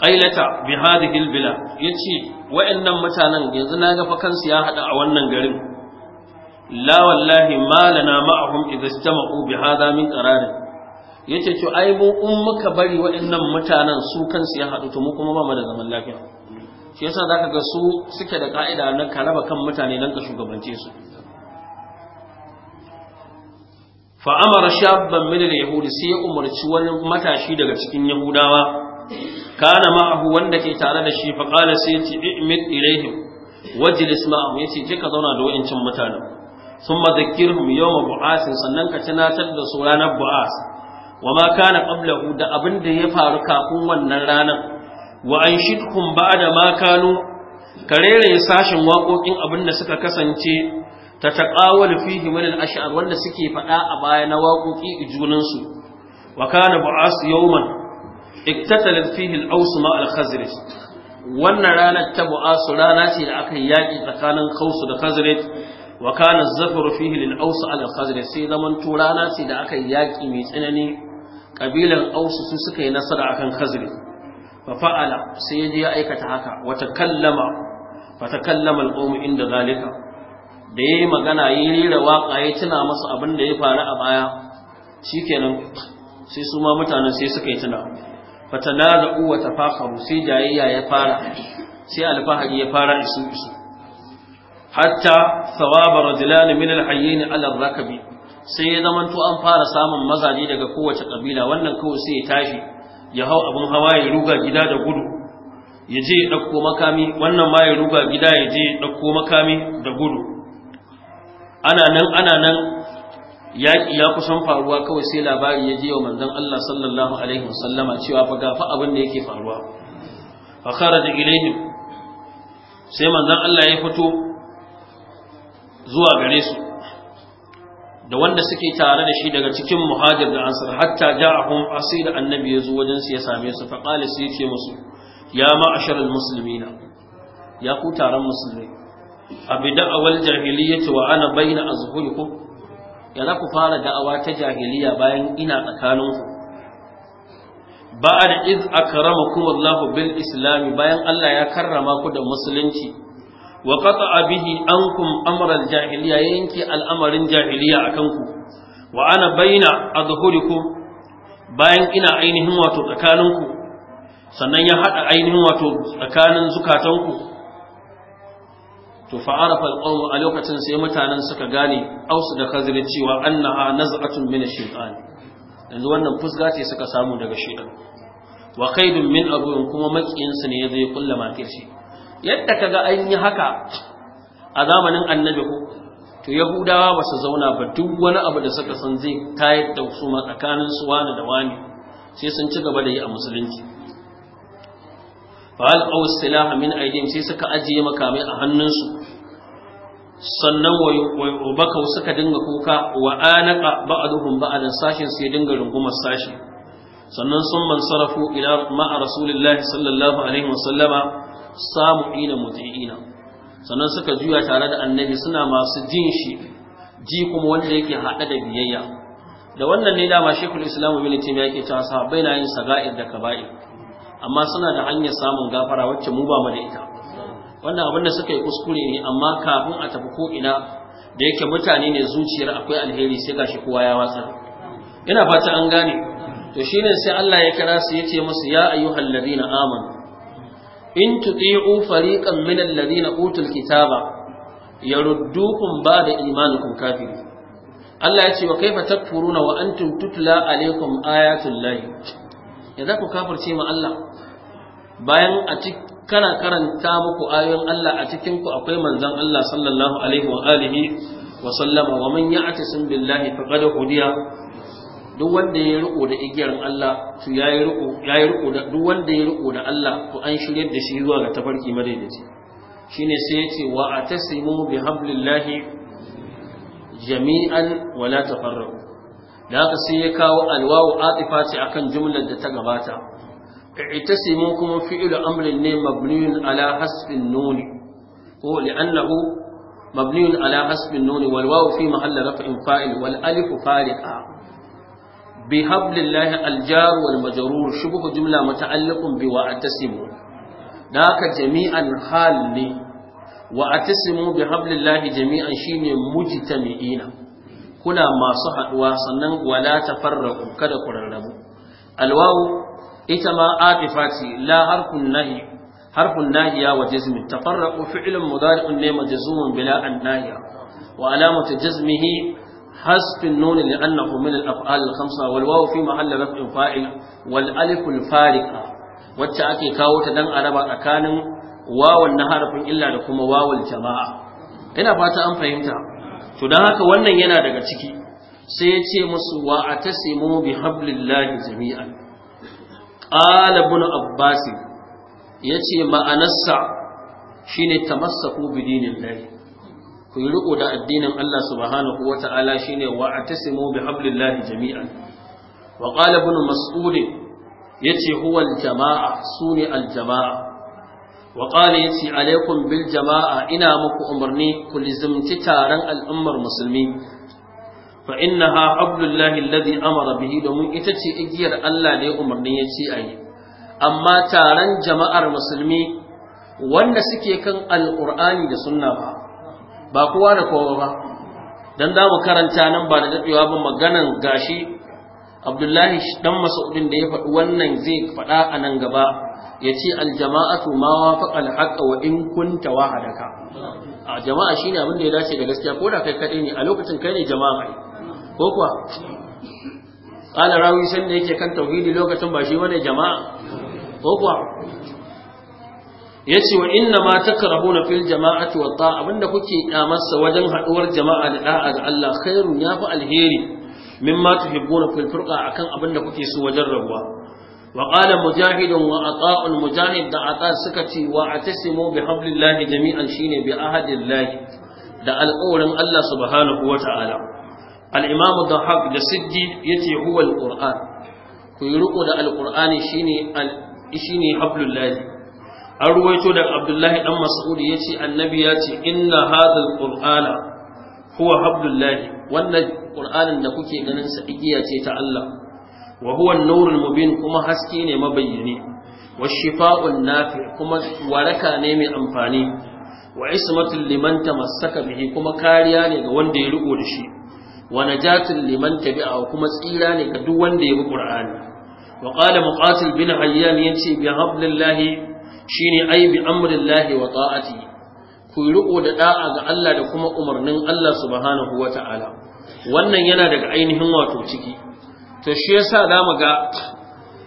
ƙailata bi hadhihi albila yace wa'annan mutanen yanzu na ga fa kansu ya haɗa a wannan garin la wallahi ma lana ma'ahum idastama'u bi hadha min qararin yace to ai mu in muka bari waɗannan mutanen su kansu ya haɗu to mu kuma ba mu da zaman lafiya shi yasa zaka ga su suke da ka'ida na ka raba kan mutane nan ka shugabance su fa shabban min al-yahudi sai ya umarci wani matashi daga cikin yahudawa kana ma'ahu wanda ke tare da shi fa qala sai ce i'mid ilaihim wajlis ya yace je ka zauna da wayancin mutanen thumma dhakkirhum yawma bu'as sannan ka tunatar da su ranar bu'as ma kana qablahu da abin da ya faru kafin wannan ranar wa an shidhum ba'da ma kanu ka sashin waƙoƙin abin da suka kasance ta taqawul fihi min al-ash'ar wanda suke faɗa a baya na waƙoƙi junan su wa kana bu'as yawman iktatalat fihi al-aws ma al-khazraj wannan ranar ta bu'asu rana ce da aka yaƙi tsakanin khawsu da khazraj wa kana zafaru fihi lil aus al khazra sai zaman rana ce da aka yaki mai tsanani kabilan aus su suka yi nasara akan khazra fa'ala sai ya je ya aikata haka wata kallama fa inda zalika da yayi magana yayi rera waƙa ya tuna masa abin da ya faru a baya shikenan sai su ma mutanen sai suka yi tuna fa uwa wa tafaqaru sai jayayya ya fara sai alfahari ya fara isu isu hatta thawaba rajulan min alhayyin ala rakabi sai ya zamanto an fara samun mazaje daga kowace kabila wannan kawai sai ya tashi ya hau abin hawa ya ruga gida da gudu ya je ya ɗauko makami wannan ma ya ruga gida ya je ya ɗauko makami da gudu ana nan ana nan yaƙi ya kusan faruwa kawai sai labari ya je wa manzon Allah sallallahu alaihi wasallama cewa fa gafa abin da yake faruwa fa kharaja ilaihim sai manzon Allah ya fito zuwa gare su da wanda suke tare da shi daga cikin muhajir da ansar hatta ja'ahum asir annabi yazo wajen su ya same su fa qala sai ce musu ya ma'asharal muslimina ya ku taron musulmai abi da'awal jahiliyyati wa ana bayna azhurikum ya za ku fara da'awa ta jahiliya bayan ina tsakanin ku ba'ad iz akramakum Allah bil islam bayan Allah ya karrama ku da musulunci wa qata'a bihi ankum amral jahiliya yanki al'amarin jahiliya akan ku wa ana baina adhhurikum bayan ina ainihin wato tsakaninku sannan ya hada ainihin wato tsakanin zukatanku to fa'arafa al'umma a lokacin sai mutanen suka gane ausu da kazir cewa annaha naz'atun min ash-shaytan yanzu wannan fusga ce suka samu daga shaytan wa qaidun min abun kuma makiyin ne yazo ya kulla makirci yadda kaga an yi haka a zamanin annabi ko to yahudawa ba su zauna ba duk wani abu da suka san zai tayar da su ma tsakanin su wani da wani sai sun ci gaba da yi a musulunci fa alqaw silah min aydihim sai suka ajiye makamai a hannunsu sannan wa baka suka dinga kuka wa anaka ba'duhum ba'dan sashin sai dinga rungumar sashi sannan sun man sarafu ila ma'a rasulillahi sallallahu alaihi wasallama ina muti'ina sannan suka juya tare da annabi suna masu jin shi ji kuma wanda yake haɗa da biyayya da wannan ne dama shekul islamu bin tim yake cewa sahabbai na yin saga'ir da kaba'ir amma suna da hanyar samun gafara wacce mu ba mu da ita wannan abin da suka yi kuskure ne amma kafin a tafi ko ina da yake mutane ne zuciyar akwai alheri sai gashi kowa ya watsa ina fata an gane to shine sai Allah ya kira su yace musu ya ayyuhal ladina amanu in tuti'u fariqan min alladhina utul kitaba yaruddukum ba'da imanikum kafiri Allah ya ce wa kaifa takfuruna wa antum tutla Alaykum ayatul lahi yanzu ku kafirce ma Allah bayan a kana karanta muku ayoyin Allah a cikin ku akwai manzon Allah sallallahu alaihi wa alihi wa sallama wa man ya'tasim billahi faqad hudiya duk wanda ya riko da igiyar Allah to yayi riko yayi riko da duk wanda ya riko da Allah to an shiryar da shi zuwa ga tafarki madaidaici shine sai ya ce wa atasimu bihablillahi jami'an wa la tafarraqu da haka sai ya kawo alwawu atifa ce akan jumlar da ta gabata i'tasimu kuma fi'lu amrin ne mabniun ala hasbin nun ko li'annahu mabniun ala hasbin nun wal wawu fi mahalli raf'in fa'il wal alif fariqa بحبل الله الجار والمجرور شبه جملة متعلق بوأتسموا ذاك جميعا حال لي وأتسموا بحبل الله جميعا شين مجتمعين كنا ما صحت وصنن ولا تفرقوا كذا قرربوا الواو إتما آتفاتي لا حرف النهي حرف الناهية وجزم تفرقوا فعل مضارع نيم جزوم بلا الناهية وعلامة جزمه حذف النون لانه من الافعال الخمسه والواو في محل رفع فاعل والالف الفارقه wacce ake kawo ta dan a raba tsakanin wawan na harafin illa da kuma wawul jama'a ina fata an fahimta to dan haka wannan yana daga ciki sai ya ce musu wa atasimu bi hablillahi jami'an qala ibn abbas yace ma'anarsa shine tamassaku bi dinillahi ku yi riko da addinin Allah subhanahu shi shine wa atasimu bi hablillahi jami'an wa qala ibn mas'ud yace huwa jamaa su ne aljama'a. wa yace alaikum bil jama'a ina muku umarni ku lizimci taron al'ummar musulmi fa ha hablullahi alladhi amara bihi domin ita ce igiyar Allah da ya umarni yace ayi amma taron jama'ar musulmi wanda suke kan alqur'ani da sunna ba ba kowa da kowa ba dan za mu karanta nan ba da dadewa ba maganan gashi Abdullahi dan Mas'udin da ya faɗi wannan zai faɗa a nan gaba yace aljama'atu ma wafaqa alhaqqa wa in kunta wahadaka a jama'a shine abin da ya dace da gaskiya ko da kai kadai ne a lokacin kai ne jama'a kai ko kuwa qala rawi san da yake kan tauhidi lokacin ba shi bane jama'a ko kuwa yace wa inna ma takrahuna fil jama'ati wa ta'a abinda kuke kyamarsa wajen haɗuwar jama'a da da'a ga Allah ya fi alheri mimma tuhibbuna fil furqa akan abinda kuke so wajen rabuwa wa qala mujahidun wa ata'ul mujahid da ata suka ce wa atasimu bi hablillahi jami'an shine bi ahadillahi da alƙawarin Allah subhanahu wa ta'ala al da dhahab da siddi yace huwa al-qur'an ku yi riko da al-qur'ani shine shine hablullahi an ruwaito daga abdullahi dan mas'ud ya ce annabi ya ce inna hadhal qur'ana huwa hablullahi wannan qur'anin da kuke ganin sa igiya ce ta Allah wa huwa an-nurul mubin kuma haske ne mabayyani wa shifa'un nafi kuma waraka ne mai amfani wa ismatul liman tamassaka bihi kuma kariya ne ga wanda ya riko da shi wa najatun liman tabi'a kuma tsira ne ga duk wanda ya bi qur'ani wa qala muqatil bin hayyan yace bi hablillahi ne ai bi amrillahi wa ta'ati ku riko da da'a ga Allah da kuma umarnin Allah subhanahu wata'ala wannan yana daga ainihin wato ciki to shi yasa zamu ga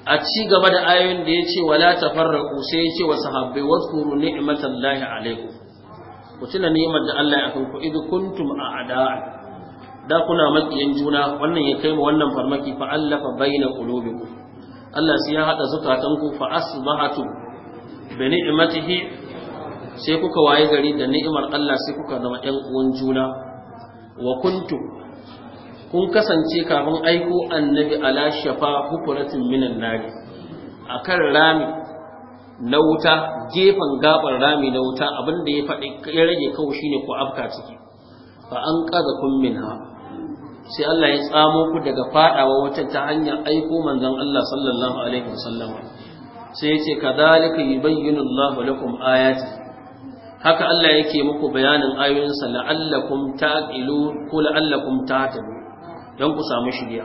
a ci gaba da ayoyin da yace wala tafarraqu sai yace wa sahabbai wadhkuru ni'matallahi alaikum ku tuna ni'imar da Allah ya kanku idh kuntum a'da'a da kuna maƙiyan juna wannan ya kai mu wannan farmaki fa allafa baina qulubikum Allah sai ya hada zukatanku fa asbahatu bi ni'matihi sai kuka waye gari da ni'imar Allah sai kuka zama ɗan uwan juna wa kuntu kun kasance kafin aiko annabi ala shafa hukuratin minan nari akan rami na wuta gefen gabar rami na wuta abin da ya faɗi ya rage kawo shine ku afka ciki fa an kaza kun minha sai Allah ya tsamo ku daga faɗawa wata ta hanyar aiko manzon Allah sallallahu alaihi wasallam sai ya ce kadhalika yubayyinu Allahu lakum ayati haka Allah yake muku bayanin ayoyinsa la'allakum taqilu ko la'allakum tahtadu don ku samu shiriya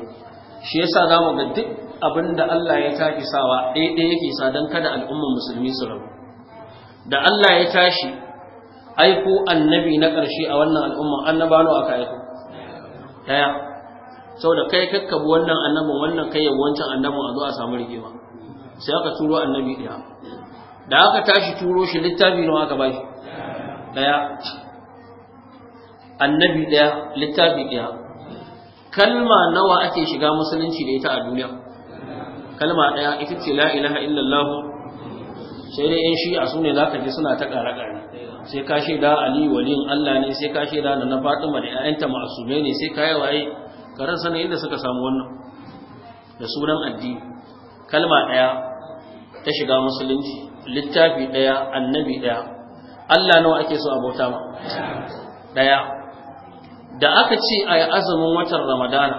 shi yasa mu ga duk abinda Allah ya tafi sawa daidai yake sa don kada al'ummar musulmi su rabu da Allah ya tashi aiko annabi na ƙarshe a wannan al'umma annabano aka Ɗaya, daya saboda kai kakkabu wannan annabin wannan kai yawancin annabin a zo a samu rigima sai aka turo annabi ɗaya da aka tashi turo shi littafi nawa aka bashi ɗaya annabi ɗaya littafi ɗaya kalma nawa ake shiga musulunci da ita a duniya kalma ɗaya ita ce la ilaha illallah sai dai yan shi'a su ne za ka ji suna ta ƙare-ƙare sai ka shaida ali waliyin allah ne sai ka shaida da na fatima da 'ya'yanta ma'asumai ne sai ka yi waye ka sanayin inda suka samu wannan da sunan addini kalma ɗaya ta shiga musulunci littafi ɗaya annabi ɗaya Allah nawa ake so abota ma ɗaya da aka ce a yi azumin watan ramadana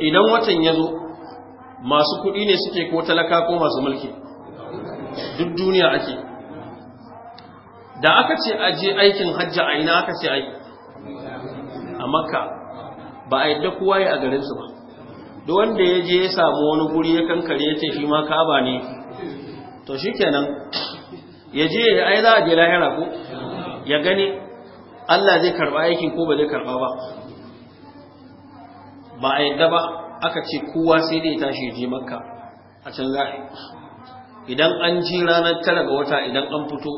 idan watan ya zo masu kuɗi ne suke ko talaka ko masu mulki duk duniya ake da aka ce a je aikin hajji a ina aka ce ai a makka ba a yadda kowa ya a garinsu ba duk wanda ya je ya samu wani guri ya kankare ya ce shi ma kaba ne to kenan ya je ai za a je lahira ko ya gani Allah zai karba aikin ko ba zai karba ba ba a yadda ba aka ce kowa sai dai tashi je makka a can za idan an ji ranar tara ga wata idan an fito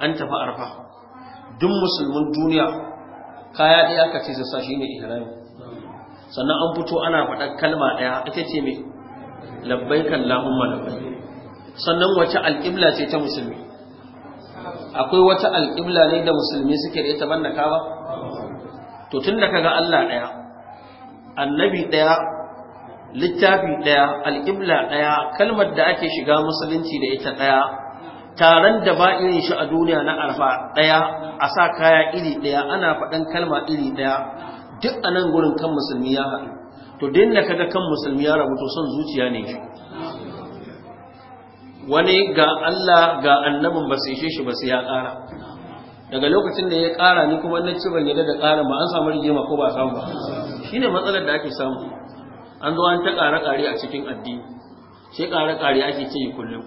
an tafi arfa duk musulmin duniya kaya ɗaya aka ce zasa shi ne ihrami sannan an fito ana faɗar kalma ɗaya ita ce mai labbai kallahumma labbai sannan wace al'ibla ce ta musulmi akwai wata al'ibla ne da musulmi suke da ita banda kawa to tun kaga Allah ɗaya annabi ɗaya littafi ɗaya al'ibla ɗaya kalmar da ake shiga musulunci da ita ɗaya taron da ba irin shi a duniya na arfa ɗaya a sa kaya iri ɗaya ana faɗan kalma iri ɗaya duk a nan gurin kan musulmi ya haɗu to din da kaga kan musulmi ya rabu to son zuciya ne shi wani ga Allah ga annabin ba sai shi ba sai ya ƙara daga lokacin da ya ƙara ni kuma na ci ban yadda da ƙara ba an samu rigima ko ba samu ba shine matsalar da ake samu an zo an ta ƙara ƙare a cikin addini sai ƙara ƙare ake ce kullum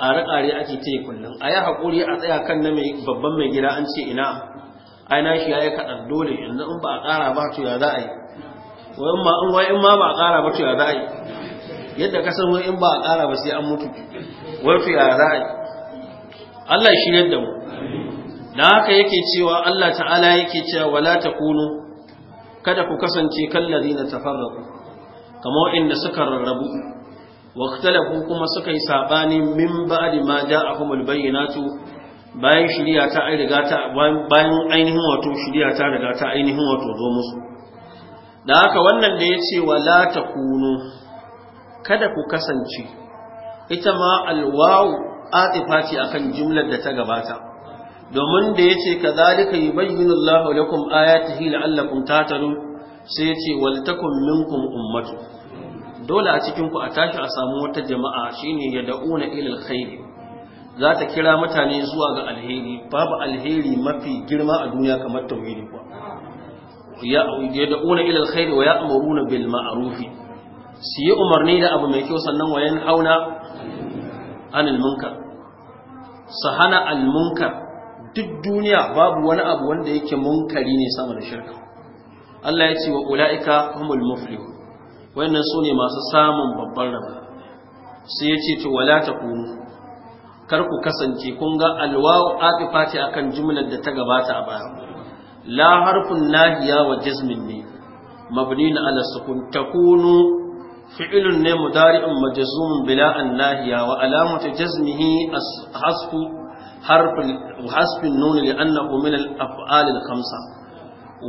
ƙare ƙare ake ce kullum a yi haƙuri a tsaya kan na mai babban mai gida an ce ina aina na shi yayi kadan dole yanzu in ba a ƙara ba to ya za a yi wai ma in wai in ma ba a ƙara ba to ya za a yi yadda ka san wai in ba a ƙara ba sai an mutu wai to ya za a yi Allah shi yadda mu da haka yake cewa Allah ta'ala yake cewa wala takunu kada ku kasance kallazina tafarraqu kamar inda suka rarrabu واختلفوا كما سكي سابان من بعد ما جاءهم bayyinatu bayan shirya ta ai riga ta bayan ainihin wato shirya ta riga ta ainihin wato zo musu da haka wannan da ya ce wala takunu kada ku kasance ita ma alwawu atifa ce akan jumlar da ta gabata domin da yace ce kazalika yubayyinu Allahu lakum ayatihi la'allakum tatalu sai ya ce wal takum minkum ummatu dole a cikin ku a tashi a samu wata jama'a shine ya da'una ilal khairi za ta kira mutane zuwa ga alheri babu alheri mafi girma a duniya kamar tauhidi kuwa ya una ila alkhairi wa ya'muruna bil ma'ruf si yi umarni da abu mai kyau sannan wayan hauna anil munkar Sahana al munkar duk duniya babu wani abu wanda yake munkari ne sama da shirka Allah ya ce wa ulaika humul muflihun wayannan sune masu samun babban rabo sai ya ce to wala takunu kar ku kasance kun ga alwawu aqifa ce akan jumlar da ta gabata a baya la harfun nahiya wa jazmin ne mabni ala sukun takunu fi'ilun ne mudari'un majzumun bila an nahiya wa alamatu jazmihi hasfu harfin hasfin nun li'annahu min al-af'al al-khamsa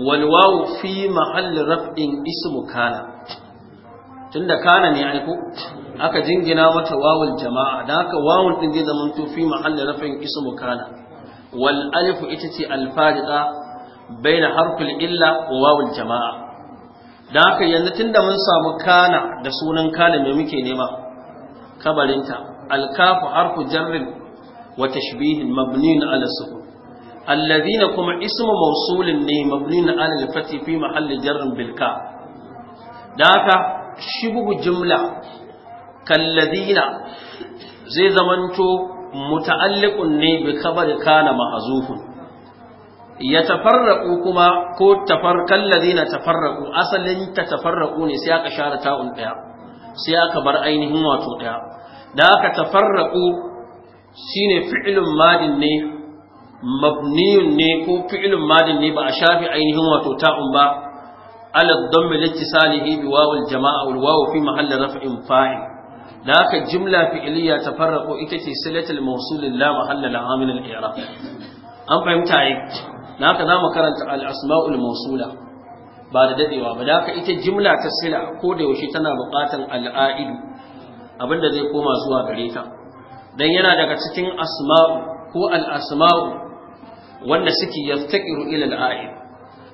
wal wawu fi mahall raf'in ismu kana tunda kana ne aiko aka jingina mata wawul jama'a da haka wawun din zai zama to fi mahallin rafin ismu kana wal ita ce al farida baina harful illa wa wawul jama'a da haka yanzu tunda mun samu kana da sunan kana me muke nema kabarinta Alkafu kafu harfu jarrin wa tashbihin mabniin ala sukun الذين كما اسم موصول مبني على الفتح في محل جر بالكاف ذاك Shibu jumla kalladina zai zamanto muta'alliqun ne bi khabar kana mahzufun yatafarraqu kuma ko tafarkal ladina tafarraqu asalin ta tafarraqu ne sai aka share ta'un daya sai aka bar ainihin wato daya da aka tafarraqu shine fi'lun madin ne mabniyun ne ko fi'lun madin ne ba a shafi ainihin wato ta'un ba ala don littisalihi bi wawil jama'a wal wawu fi mahalli raf'in fa'il da haka jumla fi'liya tafarraqu ita ce silatul mawsul la mahalla la amil an fahimta ai da haka karanta al asma'ul ba da dadewa ba da ita jimla ta sila ko da yaushe tana buƙatan al a'idu abinda zai koma zuwa gareta, ta dan yana daga cikin asma'u ko al asma'u wanda suke yaftaqiru ila al a'id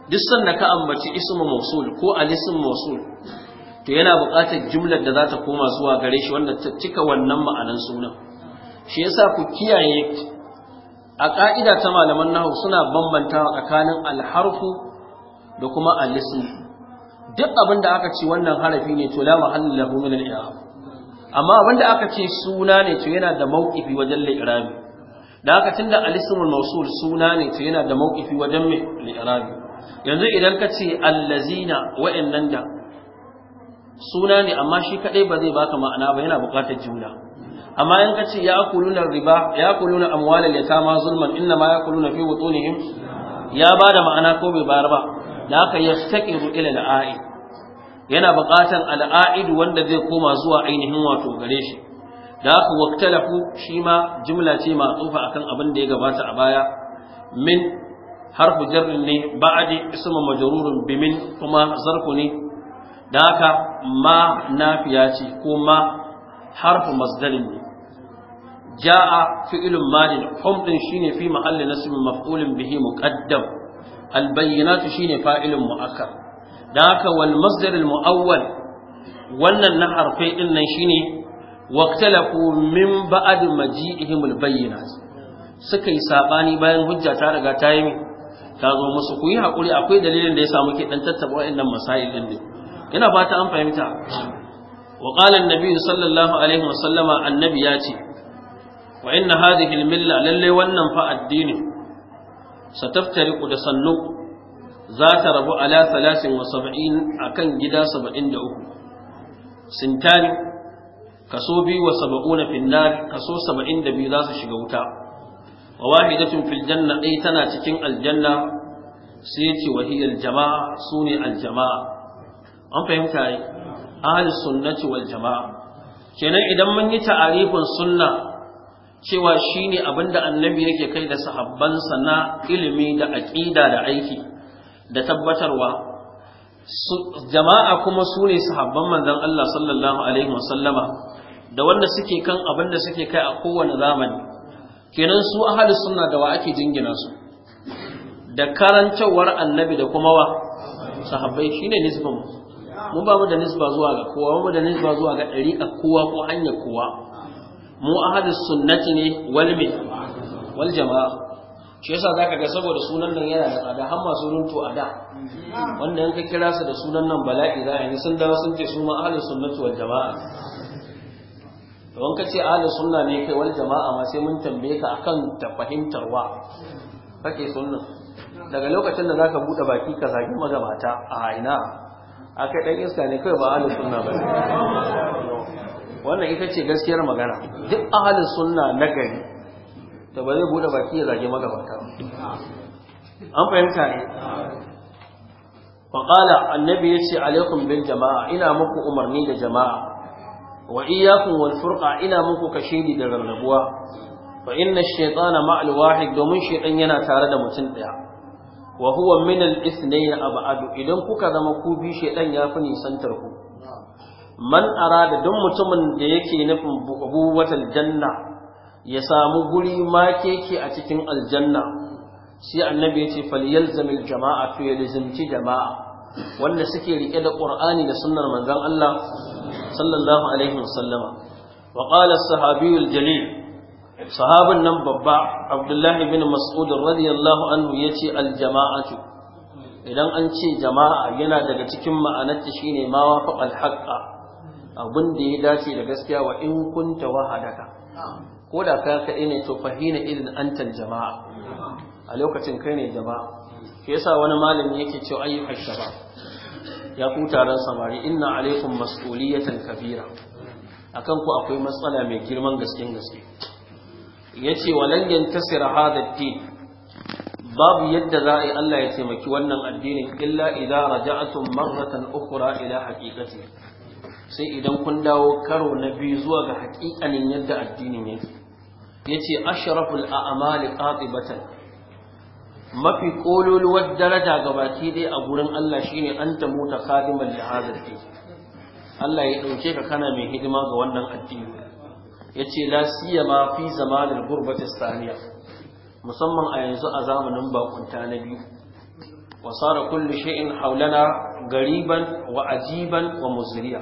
duk sannan ka ambaci ismu mausul ko alisin mausul to yana buƙatar jumlar da za ta koma zuwa gare shi wanda ta cika wannan ma'anan sunan shi yasa ku kiyaye a ƙa'ida ta malaman nahu suna bambantawa tsakanin alharfu da kuma alisin duk abin da aka ce wannan harafi ne to la mahalla lahu min al-i'rab amma abin aka ce suna ne to yana da mauqifi wajen al-i'rab da aka tunda al-ismul suna ne to yana da mauqifi wajen al-i'rab yanzu idan ka ce allazina wa'annan da suna ne amma shi kadai ba zai baka ma'ana ba yana buƙatar jumla amma in ka ce ya akuluna riba ya akuluna amwalal yatama zulman inna ma yakuluna fi butunihim ya da ma'ana ko bai bayar ba da haka yastaqiru ila al'a'i. yana bukatan al'aid wanda zai koma zuwa ainihin wato gare shi da aka waktalafu shi ma jumla ce ma tsufa akan abin da ya gabata a baya min harfu jarrin ne ba'adi ismu majarurin bimin kuma zarku ne da haka ma nafiya ce ko ma harfu masdarin ne ja'a fi'ilun madin hum din shine fi mahalli nasb maf'ulin bihi muqaddam al bayyinatu shine fa'ilun mu'akkar da haka wal masdar al mu'awwal wannan na harfai din nan shine waqtalafu min ba'd maji'ihim al bayyinat suka yi sabani bayan hujja ta riga ta yi ta zo musu ku yi haƙuri akwai dalilin da ya samu ke ɗan tattaɓa waɗannan masail ɗin ne ina ba an fahimta wa qala annabi sallallahu alaihi wa sallama annabi ya ce wa inna hadhihi al-milla lallai wannan fa addini sataftariqu da sannu za ta rabu ala 73 akan gida 73 sintani kaso biyu wa saba'una finnar kaso saba'in da biyu za su shiga wuta wa wahidatun fil janna dai eh, tana cikin aljanna sai ya ce wahiyar jama'a su ne aljama'a an fahimta yi ahal sunnati wal jama'a kenan idan mun yi ta'arifin sunna cewa shine abin da annabi yake kai da sahabbansa na ilimi da aƙida da aiki da tabbatarwa jama'a kuma su ne sahabban manzon Allah sallallahu alaihi wasallama da wanda suke kan abin da suke kai a kowane zamani kenan su ahli sunna da wa ake jingina su da karancewar annabi da kuma wa sahabbai shine nisban mu mun ba mu da nisba zuwa ga kowa mu da nisba zuwa ga dariqa kowa ko hanya kowa mu ahli sunnati ne wal me wal jama'a shi yasa zaka ga saboda sunan nan yana da tsada har masu runtu a da wanda in ka kira su da sunan nan bala'i za a yi sun dawo sun ce su ma ahli sunnati wal jama'a don ka ce ahlus sunna ne kai wani jama'a ma sai mun tambaye ka akan ta fahimtarwa kake sunna daga lokacin da zaka bude baki ka zagi magabata a a akai dan iska ne kai ba ahlus sunna ba wannan ita ce gaskiyar magana duk ahlus sunna na gari to ba zai bude baki ya zagi magabata an fahimta ne فقال النبي bin Jama'a بالجماعة إلى مكو أمرني لجماعة wa iyyakum wal furqa ina muku kashedi da rarrabuwa fa inna ash-shaytana ma'al wahid domin shaytan yana tare da mutum daya wa huwa min al-ithnayn ab'ad idan kuka zama ku bi shaytan ya fi nisantar ku man arada don mutumin da yake nufin buwatal janna ya samu guri ma keke a cikin aljanna sai annabi ya ce al jama'a fi ya jama'a wanda suke rike da qur'ani da sunnar manzon Allah sallallahu alaihi wasallama wa qala as-sahabiyul jalil sahabin nan babba abdullahi bin mas'ud radiyallahu anhu yace al idan an ce jama'a yana daga cikin ma'anarta shine ma wafaqa al-haqqa abin da ya dace da gaskiya wa in kunta wahadaka ko da ka kai ne to fahina idan antal jama'a a lokacin kai ne jama'a shi yasa wani malami yake cewa ayyukan shabab ya ku taron samari inna alaikum mas'uliyatan kabira akan ku akwai matsala mai girman gaskin gaske yace walan yantasir hada din babu yadda za a yi Allah ya taimaki wannan addinin illa idza raja'atum marratan ukhra ila haqiqati sai idan kun dawo karo na biyu zuwa ga haƙiƙanin yadda addinin yake yace ashraful a'mali qatibatan mafi kololuwar daraja gabaki dai a gurin Allah shine an ta mota khadiman li hadal Allah ya ɗauke ka kana mai hidima ga wannan addini ce la ma fi zamanil gurbati saniya musamman a yanzu a zamanin bakunta na biyu wa sara kullu shay'in haulana gariban wa ajiban wa muzriya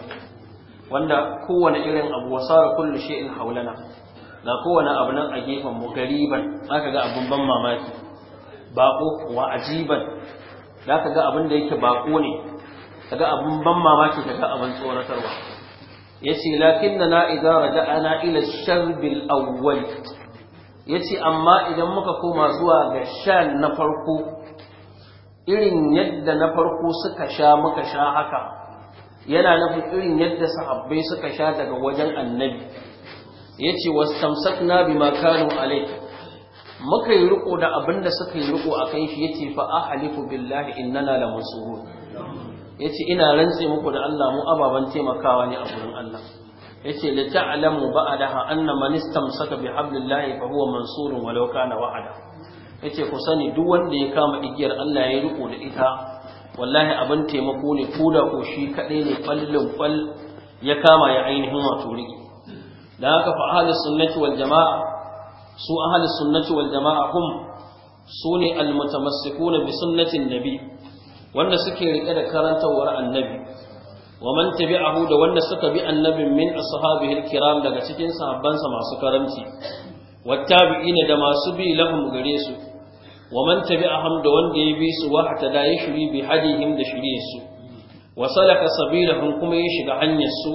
wanda kowane irin abu wa sara kullu shay'in haulana ga kowane abu nan a gefen mu gariban zaka ga abun ban mamaki bako wa ajiban za ka ga abin da yake baƙo ne ka ga abin ban mamaki ka ga abin tsoratarwa ya ce lakin da na idan raja ana ila sharbil awwal ya ce amma idan muka koma zuwa ga shan na farko irin yadda na farko suka sha muka sha haka yana nufin irin yadda sahabbai suka sha daga wajen annabi ya ce wasu tamsak na bi makanu muka yi riko da abin da suka yi riko a kan shi yace fa ahlifu billahi innana la Ya ce ina rantse muku da Allah mu ababen taimakawa ne a gurin Allah Ya ce da ba ba'a da, ha'an na manistan saka bi hablillahi fa huwa mansurun walau kana wa'ada Ya ce ku sani duk wanda ya kama igiyar Allah ya yi riko da ita wallahi abin taimako ne ko da ko shi kadai ne fallin fal ya kama ya ainihin wato riƙe Da haka fa sunnati wal jama'a su ahlus sunnati wal jama'a hum sune almutamassikuna bi sunnatin nabi wanda suke rike da karantawar annabi wa man tabi'ahu da wanda suka bi annabin min ashabihi kiram daga cikin sahabbansa masu karamci wattabi'ina da masu bi lahum gare su wa man tabi'ahum da wanda ya bi su wa hatta da yashri bi hadihim da su. wa salaka sabilahum kuma ya shiga hanyar su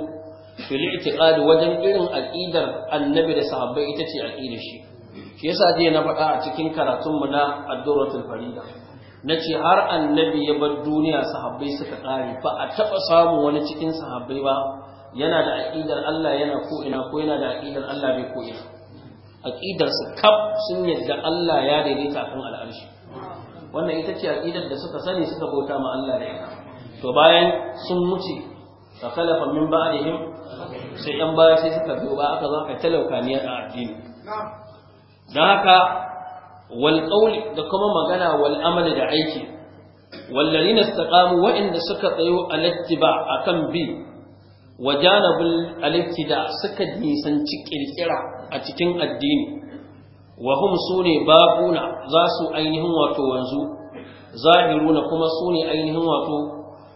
fil i'tiqad wajen irin aqidar annabi da sahabbai ita ce aqidar shi shi yasa jiya na faɗa a cikin karatun mu na addoratul farida na ce har annabi ya bar duniya sahabbai suka kare ba a taɓa samu wani cikin sahabbai ba yana da aƙidar Allah yana ko ina ko yana da aƙidar Allah bai ko ina aƙidar su kaf sun yadda Allah ya daidaita kan al'arshi wannan ita ce aƙidar da suka sani suka bauta ma Allah da ita to bayan sun wuce fa khalafa min ba'dihim sai yan baya sai suka biyo ba aka zo aka ne a addini don haka wal da kuma magana wal amali da aiki wallari na staƙamu waɗanda suka tsayo alattiba a kan bi wa janabul alittida suka nisanci ƙirƙira a cikin addini wa hum su ne za su ainihin wato wanzu zahiruna kuma sune ainihin wato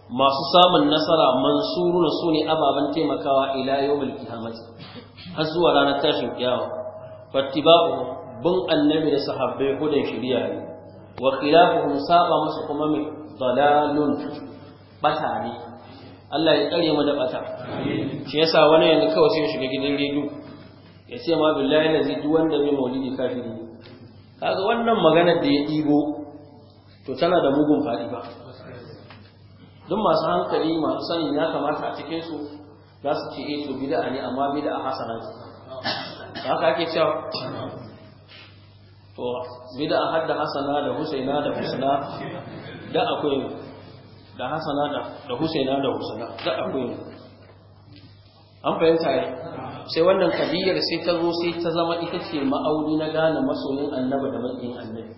masu samun nasara mansuruna su ne ababen taimakawa ila yau mulki har zuwa ranar tashin kyawa fattiba'u bin annabi da sahabbai gudun shirya ne wa khilafuhum saba musu kuma mai dalalun bata ne Allah ya kare mu da bata shi yasa wani yanzu kawai sai ya shiga gidan rediyo ya ce ma billahi lazi duk wanda mai maulidi kafiri kaga wannan maganar da ya ɗibo to tana da mugun fadi ba duk masu hankali masu sani ya kamata a cikin su za su ce eh to bid'a ne amma bid'a hasana ce haka ake cewa to bid'a hadda hasana da husaina da husna da akwai da hasana da da husaina da husna da akwai an fahimta ne sai wannan kabiyar sai ta zo sai ta zama ita ce ma'auni na gane masoyin annabi da maƙiyin annabi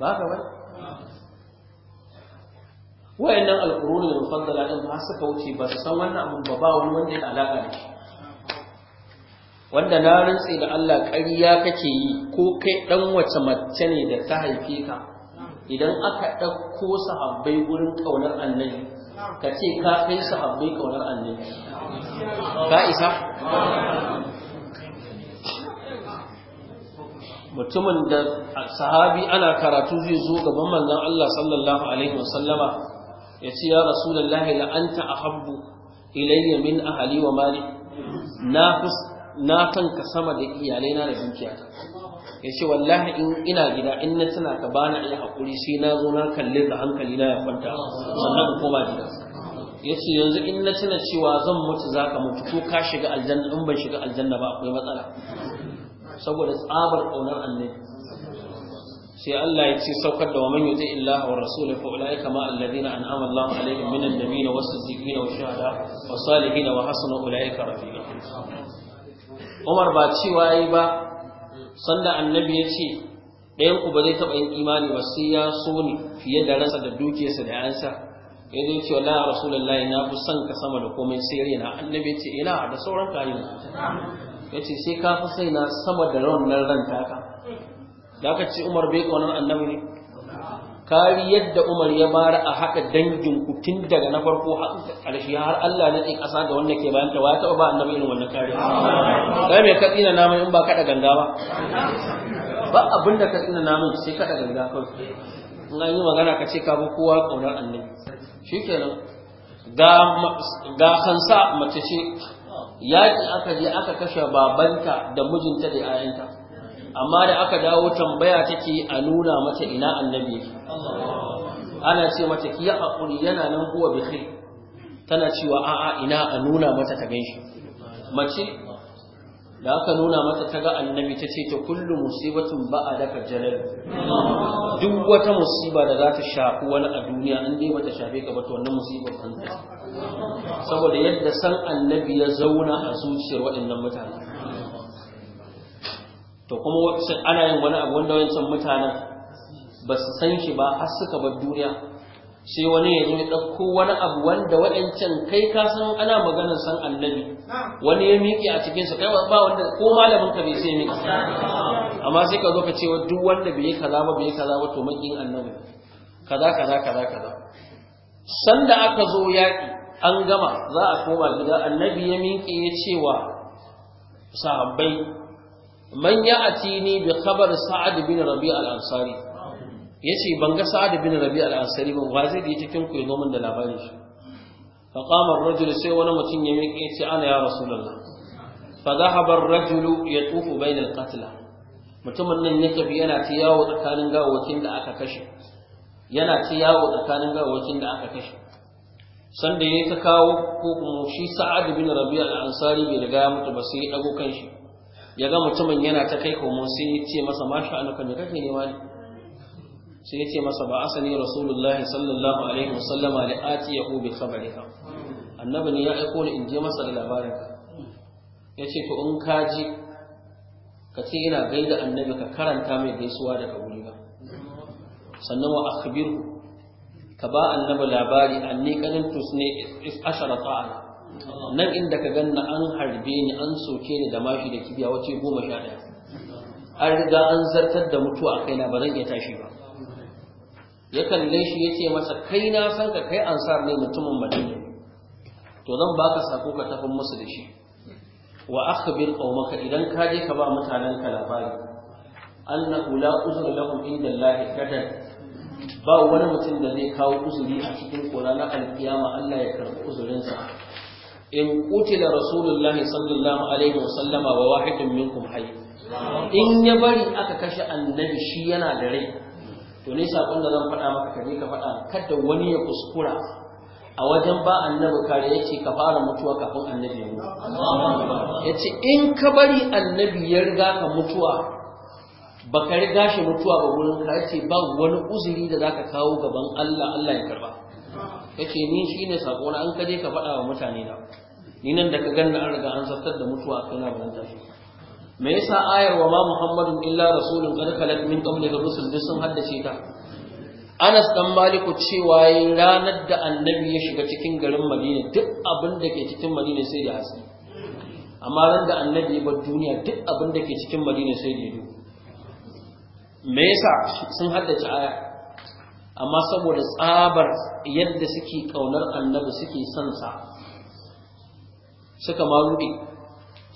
ba ka ba wayannan alƙuruni da mufaddala din ba suka wuce ba su san wannan abun ba ba wani wanda ya alaka da shi wanda na rantse da Allah ƙarya kake yi ko kai ɗan wace mace ne da ta haife ka idan aka ɗauko sahabbai wurin ƙaunar annabi ka ce ka kai sahabbai ƙaunar annabi ka isa mutumin da sahabi ana karatu zai zo gaban manzon Allah sallallahu alaihi wasallama ya ce ya rasulullahi la anta ahabbu ilayya min ahli wa mali na na kanka sama da iyalai na da dukiya ya ce wallahi in ina gida in na tana ka bani na haƙuri sai na zo na kalle da hankali na ya kwanta sannan koma gida ya ce yanzu in na tana cewa zan mutu za ka mutu ko ka shiga aljanna in ban shiga aljanna ba akwai matsala saboda tsabar ƙaunar annabi sai Allah ya ce saukar da waman yuti illaha wa rasula fa ulai kama alladhina an'ama Allahu alaihim minan nabiyina was siddiqina wash shuhada was salihin wa hasuna ulai ka rafiqa Umar ba cewa yi ba sanda annabi ya ce ɗayan ku ba zai taɓa yin imani ba sai ya so ni fiye da rasa da dukiyarsa da yansa ya zai ce la rasulullahi na fi son ka sama da komai sai rena annabi ya ce ina da sauran kayan ya ce sai ka fi sai na sama da ranar ran taka da aka ce umar bai ƙaunar annabi ne kari yadda Umar ya bara a haɗa dangin ku tun daga na farko ƙarshe har Allah na ƙasa ga wanda ke bayanta wa ta taɓa ba annabi irin wannan kari kai me ka tsina namun in ba kaɗa ganga ba ba abin da ka tsina namun sai kaɗa ganga kawai in an yi magana ka ce ka bi kowa ƙaunar annabi shikenan ga ga hansa mace ce yaƙi aka je aka kashe babanta da mijinta da 'ya'yanta amma da aka dawo tambaya take a nuna mata ina annabi yake ana ce mata kiya haƙuri yana nan huwa bi khair tana cewa a'a ina a nuna mata ta ganshi mace da aka nuna mata ta ga annabi ta ce ta kullu musibatun ba'a daka jalal duk wata musiba da za ta shafi wani a duniya an dai bata shafe ka ba wannan musibar kan saboda yadda san annabi ya zauna a zuciyar waɗannan mutane to kuma ana yin wani abu wanda wancan mutanen ba su san shi ba har suka bar duniya sai wani ya zo ya ɗauko wani abu wanda waɗancan kai ka san ana magana san annabi wani ya miƙe a cikinsa kai ba wanda ko malamin ka bai sai miƙe amma sai ka zo ka cewa duk wanda bai yi kaza ba bai yi kaza ba to maƙin annabi kaza kaza kaza kaza sanda aka zo yaƙi an gama za a koma gida annabi ya miƙe ya cewa sahabbai man tini bi khabar sa'ad bin rabi' al-ansari yace ban ga sa'ad bin rabi' al-ansari ban wa zai cikin ku zo min da labarin shi fa qama ar-rajul sai wani mutum ya miƙe yace ana ya rasulullah fa dhahaba ar-rajul yatufu bayna al-qatla mutumin nan ya tafi yana ta yawo tsakanin gawawakin da aka kashe yana ta yawo tsakanin gawawakin da aka kashe sanda ya ta kawo ko kuma shi sa'ad bin rabi' al-ansari bai riga ya mutu ba sai ya dago shi. ya ga mutumin yana ta kai komo sai ya ce masa masha anuka me kake nema ne sai ya ce masa ba asani rasulullahi sallallahu alaihi wasallama da ati ya ubi khabarika annabi ne ya aiko ni in je masa da labarin ya ce to in ka ji ka ce ina gaida annabi ka karanta mai gaisuwa daga wuri ba sannan wa akhbiru ka ba annabi labari anni qanin tusne ashara ta'ala nan inda ka ganna an harbe ni an soke ni da mashi da kibiya wace goma sha ɗaya an riga an zartar da mutuwa a kaina ba zan iya tashi ba ya kalle shi ya ce masa kai na san ka kai ansar ne mutumin madina to zan baka sako ka tafi musu da shi wa akhbir qaumaka idan ka je ka ba mutanen ka labari annahu la uzra lahum inda Allah kadar ba wani mutum da zai kawo uzuri a cikin kora na alkiyama Allah ya karbi uzurinsa in kutila rasulullahi sallallahu alaihi wasallama wa wahidin minkum hayy in ya bari aka kashe annabi shi yana da rai to ne sakon da zan faɗa maka kaje ka faɗa kada wani ya kuskura a wajen ba annabi kare yace ka fara mutuwa kafin annabi ya yace in ka bari annabi ya riga ka mutuwa baka riga shi mutuwa ba gurin ka yace ba wani uzuri da zaka kawo gaban Allah Allah ya karba ce ni shine sako na an kaje ka faɗa wa mutane na ni nan da ka ganna an riga an zartar da mutuwa a kaina ban tashi me yasa ayar wa ma muhammadun illa rasulun qad khalat min qablihi rusul duk sun haddace ta Anas dan Maliku cewa ranar da annabi ya shiga cikin garin Madina duk abin da ke cikin Madina sai da hasi amma ran da annabi ya bar duniya duk abin da ke cikin Madina sai da ido me yasa sun haddace ayar amma saboda tsabar yadda suke kaunar annabi suke son sa suka ma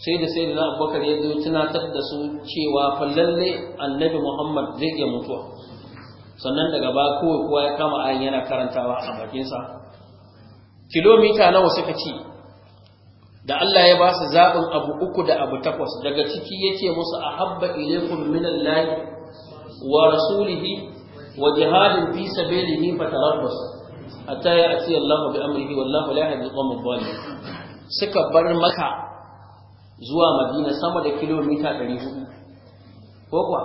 sai da sai da na abubakar ya zo tunatar da su cewa fa lalle annabi muhammad zai iya mutuwa sannan daga ba kowai kowa ya kama ayin yana karantawa a bakinsa kilomita nawa suka ci da Allah ya ba su zaɓin abu uku da abu takwas daga ciki ya ce musu a habba ilaikum minallahi wa rasulihi wa jihadin fi sabilihi fatarabbas hatta ya ati Allahu bi amrihi wallahu la yahdi al-qawm adh-dhalimin suka bar maka zuwa Madina sama da kilomita 400 ko kuwa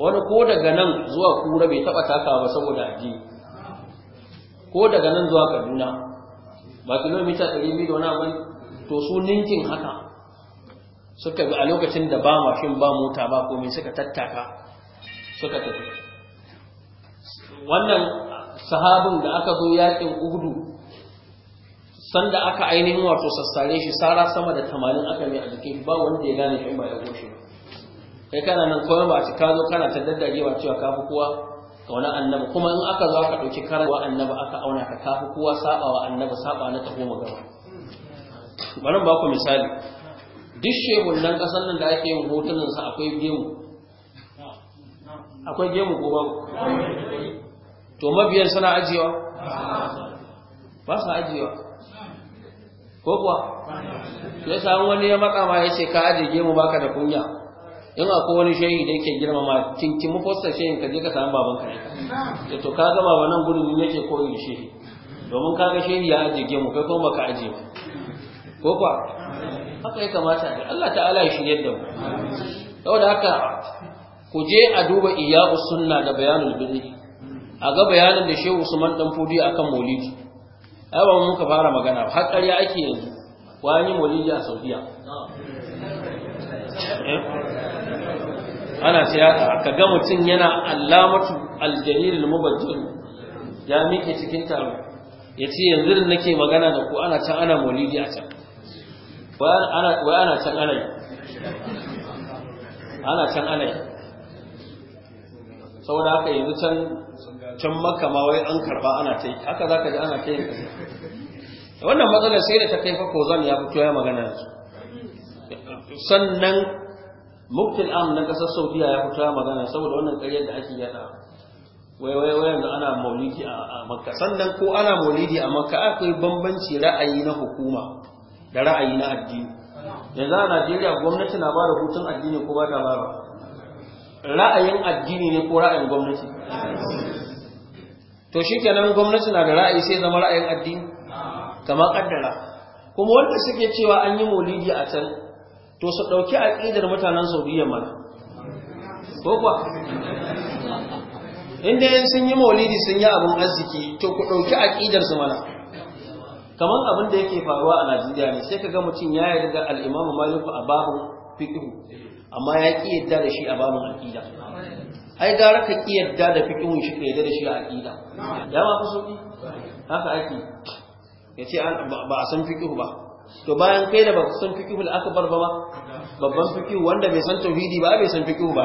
wani ko daga nan zuwa Kura bai taba taka ba saboda addini ko daga nan zuwa Kaduna ba kilomita 200 da wani abin to su ninkin haka suka bi a lokacin da ba mashin ba mota ba komai suka tattaka suka tafi wannan sahabin da aka zo yakin uhudu sanda aka ainihin wato sassare shi sara sama da tamanin aka mai a jikin ba wanda ya gane shi ba ya goshe kai kana nan kawai ba ci ka zo kana ta daddarewa cewa ka fi kowa wani annabi kuma in aka zo aka ɗauki karawa annabi aka auna ka kafi kowa sabawa annabi saba na taho magana bari ba ku misali duk shehun nan ƙasar nan da ake yin hotunan sa akwai gemu akwai gemu ko ba? to mabiyan suna ajiyewa ba su ajiyewa ko kuwa to samu wani ya matsa ya ce ka ajiye gemu baka da kunya in akwai wani shehi da yake girma ma kinki mafostar fosta shehin ka je ka samu baban ka to ka gama wa nan gudun yake koyi da shehi domin ka ga shehi ya ajiye gemu kai kuma baka ajiye ko kuwa haka ya kamata Allah ta'ala ya shirye da mu saboda haka ku je a duba iya sunna da bayanul birni a ga bayanin da shehu usman dan fudi akan maulidi ai ba muka fara magana har ƙarya ake yanzu wani maulidi a saudiya eh? ana tiyata ka ga mutum yana allamatu aljalilul mubajjal ya miƙe cikin taro ya ce yanzu da nake magana da ku ana can ana maulidi a can wai ana can ana yi ana can ana yi saboda haka yanzu can can maka ma wai an karba ana ta yi haka zaka ji ana ta yin wannan matsalar sai da ta kai fa kozan ya fito ya magana yanzu sannan muktin am na kasar saudiya ya fito ya magana saboda wannan ƙaryar da ake yada wai wai wai yanzu ana maulidi a makka sannan ko ana maulidi a makka akwai bambanci ra'ayi na hukuma da ra'ayi na addini yanzu a najeriya gwamnati na ba da hutun addini ko ba ta ba ra'ayin addini ne ko ra'ayin gwamnati to shi kenan gwamnati na da ra'ayi sai zama ra'ayin addini kamar kaddara kuma wanda suke cewa an yi maulidi a can to su ɗauki aƙidar mutanen saudiya mana ko kuwa inda yan sun yi maulidi sun yi abin arziki to ku ɗauki aƙidar su mana kamar abin da yake faruwa a najeriya ne sai ka ga mutum ya yarda al'imamu malik a babu fiƙihu amma ya ƙi yadda da shi a bamun aƙida ai gara ka ƙi yadda da fiƙihun shi ka yadda da shi a aƙida ya ma fi sauƙi haka ake ya ce ah, ba a san fiƙihu ba to bayan kai da ba san fiƙihu da aka bar ba babban fiƙihu wanda bai san tauhidi ba bai san fiƙihu ba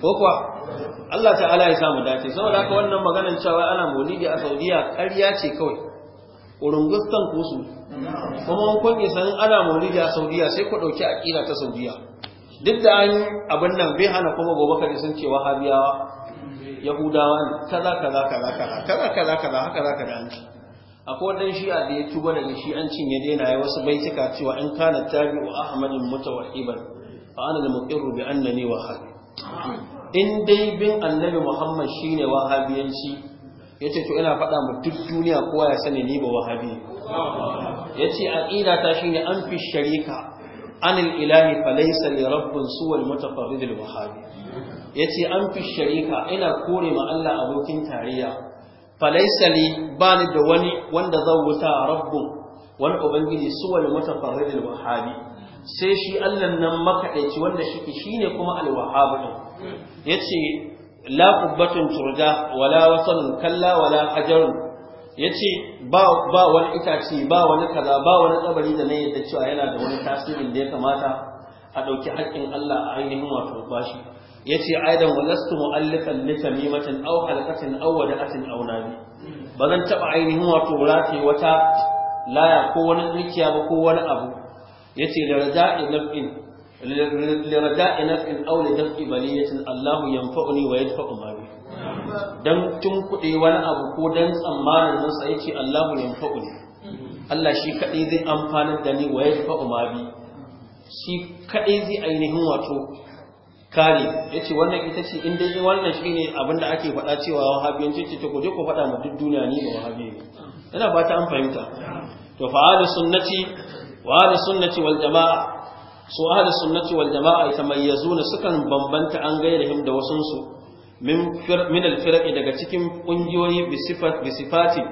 ko kuwa Allah ta'ala ya samu dace saboda haka wannan maganar cewa ana maulidi a Saudiya ƙarya ce kawai urungustan kusu kuma kun isa ana maulidi a Saudiya sai ku dauki aqida ta Saudiya duk da an abin nan bai hana kuma gobe sun ce wahabiyawa yahudawa ne kaza kaza kaza kaza kaza kaza kaza haka za ka an ci akwai wannan shi'a da ya tuba da shi an cinye daina ya wasu baituka cewa in kana tabi'u ahmadin mutawahhiban fa ana al-muqirru bi annani wahabi in dai bin annabi muhammad shine wahabiyanci ya ce to ina faɗa mu duk duniya kowa ya sani ni ba wahabi ya ce aƙida ta shine an fi sharika anil ilahi falaysa li rabbin suwal mutafarrid al wahabi yace an fi sharika ina kore ma Allah abokin tarayya falaysa li bani da wani wanda zan wuta rabbu wani ubangiji suwal mutafarrid al wahabi sai shi Allah nan makaɗaici, wanda shi shine kuma al wahabi yace la qubbatun turja wala wasalun kalla wala hajarun ya ce ba wani itace ba wani kaza ba wani tsabari da na yadda cewa yana da wani tasirin da ya kamata a ɗauki haƙƙin Allah a ainihin wato bashi ya ce aidan wa lastu mu'allifan li tamimatin aw halqatin aw wada'atin aw nabi ba zan taɓa ainihin wato rataye wata laya ko wani dukiya ba ko wani abu ya ce da raja'i naf'in li raja'i naf'in aw li daf'i baliyatin Allah yanfa'uni wa yadfa'u ma dan tun kuɗe wani abu ko dan tsammanin nasa sai yake Allahu ne Allah shi kadai zai amfanar da ni waye yafa'u ma bi shi kadai zai ainihin wato kare yace wannan ita ce in dai wannan ne abin da ake faɗa cewa wahabiyanci ce ta je ku faɗa mu duk duniya ni ba wahabi ina ba ta an fahimta to fa ahli sunnati wa ahli sunnati wal jamaa su ahli sunnati wal jamaa yatamayyazuna sukan bambanta an gairihim da wasunsu min alfirqi daga cikin kungiyoyi bi sifati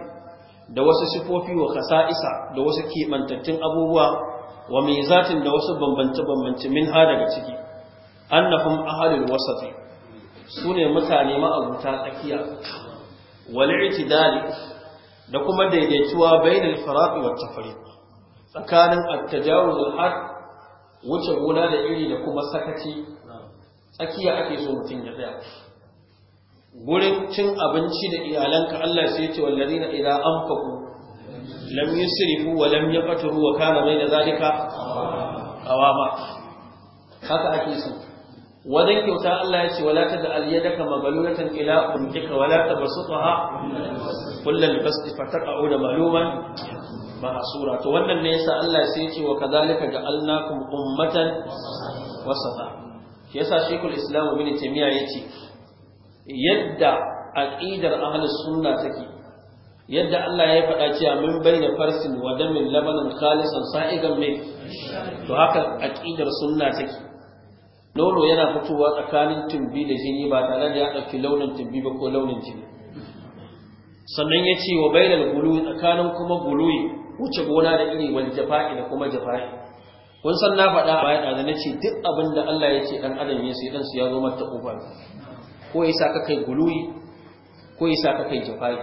da wasu sifofi wa khasa'isa da wasu kimantattun abubuwa wa zatin da wasu bambance bambance min ha daga ciki annahum ahalul wasati sune mutane ma'abuta tsakiya wal i'tidali da kuma daidaituwa bainal faraq wa tafriq tsakanin at-tajawuz al wuce gona da iri da kuma sakaci tsakiya ake so mutum ya tsaya gurin cin abinci da iyalanka Allah sai ya ce wallazina idza anfaqu lam yusrifu wa lam yaqturu wa kana bayna zalika qawama haka ake so wajen kyauta Allah ya ce wala ta da aliyadaka magalulatan ila umkika wala ta basutaha kullal basti fataqa'u da maluman mahsura to wannan ne yasa Allah sai ya ce wa kadhalika ja'alnakum ummatan wasata yasa shekul islam ibn taymiya yace yadda aqidar ahlus sunna take yadda Allah ya faɗa cewa min bayna farsin wa damin labanan khalisan sa'igan mai to haka aqidar sunna take nono yana fitowa tsakanin tumbi da jini ba tare da ya ɗauki launin tumbi ba ko launin jini sannan ya ce wa bainal gulu tsakanin kuma guluwi wuce gona da iri wal jafa'i da kuma jafa'i kun san na faɗa a baya da na ce duk abin da Allah ya ce dan adam ya sai dan su ya zo mata kofar ko ya sa ka kai guluyi ko ya sa ka kai jafari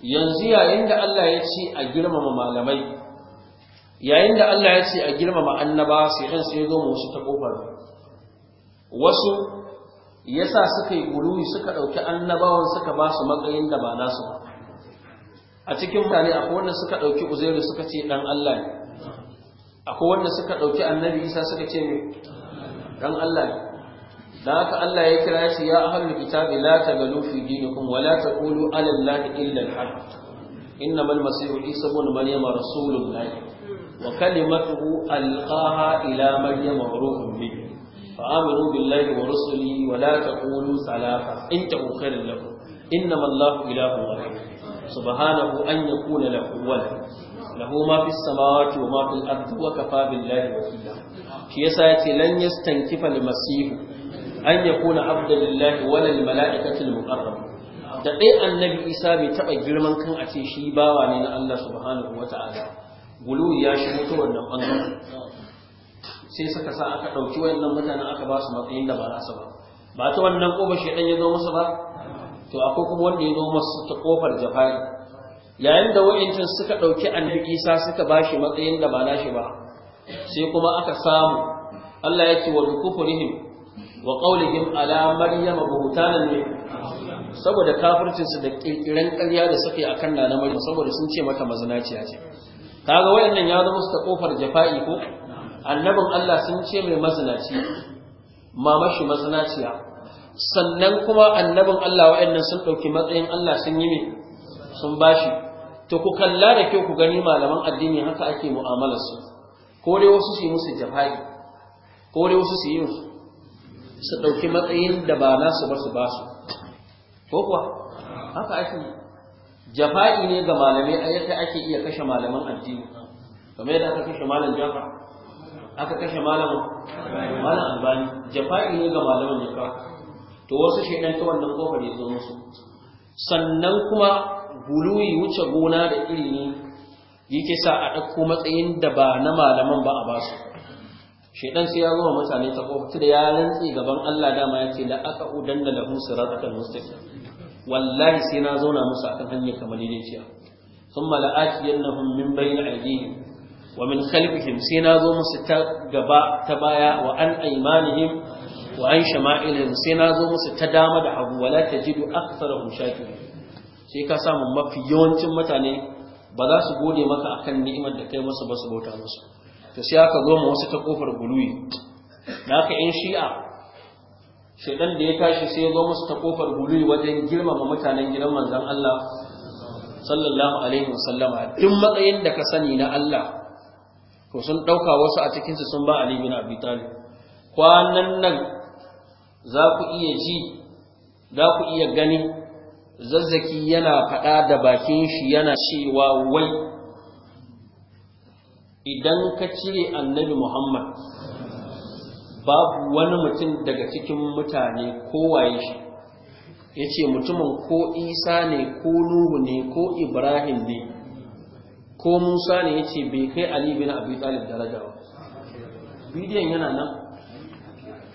yanzu yayin da Allah ya ce a girmama malamai yayin da Allah ya ce a girmama annaba sai ɗan sai zo mu wasu ta kofar wasu ya sa suka yi guluyi suka ɗauki annabawan suka ba su matsayin da ba nasu a cikin mutane akwai wanda suka ɗauki uzairu suka ce ɗan Allah ne akwai wanda suka ɗauki annabi isa suka ce mai ɗan Allah ne da haka Allah ya kira shi ya ahlul kitabi la tagalu fi dinikum wa la taqulu ala allahi illa al innama al isa ibn maryam rasulullah wa kalimatuhu alqaha ila maryam wa ruhun min فآمنوا بالله ورسله ولا تقولوا ثلاثة انتهوا خيرا لكم إنما الله إله واحد سبحانه أن ma له ولد له ما في السماوات وما في الأرض وكفى بالله وكيلا كيسا لن يستنكف المسيح an ya yakuna abdullahi walal mala'ikatul muqarrab da ɗaya annabi isa bai taɓa girman kan a ce shi bawa ne na Allah subhanahu wa ta'ala gulu ya shigo ta wannan ɓangaren sai suka sa aka ɗauki wayannan mutanen aka ba su matsayin da ba za su ba ba ta wannan ƙofa shaidan ya zo masa ba to akwai kuma wanda ya zo masa ta ƙofar jafari yayin da wa'incin suka ɗauki annabi isa suka ba shi matsayin da ba na shi ba sai kuma aka samu Allah ya ce wa bi kufrihim wa qawlihim ala maryama buhtanan ne saboda kafircinsu da kirkiran ƙarya da suke akan nana maryam saboda sun ce mata mazinaciya ce kaga wayannan ya zama su ta kofar jafa'i ko annabin Allah sun ce mai mazinaci mama shi mazinaciya sannan kuma annabin Allah wayannan sun dauki matsayin Allah sun yi me sun bashi to ku kalla da kyau ku gani malaman addini haka ake mu'amalar su ko dai wasu su yi musu jafa'i ko dai wasu su yi musu su ɗauki matsayin da ba nasu ba su ba su ko kuwa haka ake jafa'i ne ga malamai a yadda ake iya kashe malaman addini kamar yadda aka kashe malam jafa aka kashe malam malam albani jafa'i ne ga malaman jafa to wasu shaidan ta wannan kofar ya zo musu sannan kuma guluyi wuce gona da iri ne yake sa a ɗauko matsayin da ba na malaman ba a basu shedan sai ya zo wa mutane ta kofa da ya rantsi gaban Allah dama ya ce la aka udanna lahu siratan mustaqim wallahi sai na zauna musu akan hanya kamar yadda ciya thumma la atiyannahum min bayni aydihim wa min khalfihim sai na zo musu ta gaba ta baya wa an aymanihim wa an shama'ilihim sai na zo musu ta dama da hagu wala tajidu aktharahum shakirin sai ka samu mafi yawancin mutane ba za su gode maka akan ni'imar da kai musu ba su bauta musu ta sai aka zo ma wasu ta kofar guluyi Na ka yan shi'a shaidan da ya tashi sai ya zo musu ta kofar guluyi wajen girmama mutanen gidan manzon Allah sallallahu alaihi wasallama duk matsayin da ka sani na Allah to sun dauka wasu a cikinsu sun ba Ali bin Abi Talib kwanan nan za ku iya ji za ku iya gani zazzaki yana faɗa da bakin shi yana cewa wai idan ka cire annabi Muhammad babu wani mutum daga cikin mutane kowaye shi ya ce mutumin ko isa ne ko nuhu ne ko ibrahim ne ko musa ne ya ce bai kai ali bin abi talib daraja ba bidiyon yana nan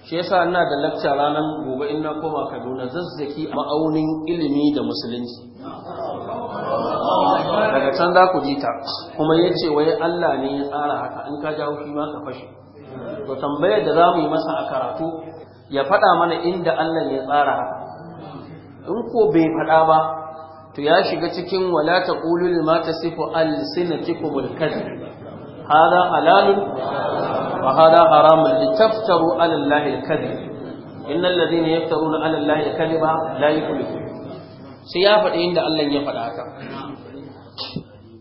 shi yasa ina da lacca ranar gobe in na koma kaduna zazzaki ma'aunin ilimi da musulunci daga can za ku ji ta kuma ya ce wai Allah ne ya tsara haka in ka jawo shi ma ka fashe to tambayar da za mu yi masa a karatu ya faɗa mana inda Allah ya tsara haka in ko bai faɗa ba to ya shiga cikin wala taqulu lima tasifu alsinatukum alkadhib hada halalun wa hada haramun litaftaru ala allahi alkadhib innal ladhina yaftaruna ala allahi alkadhiba la yuflihun sai ya faɗi inda Allah ya faɗa haka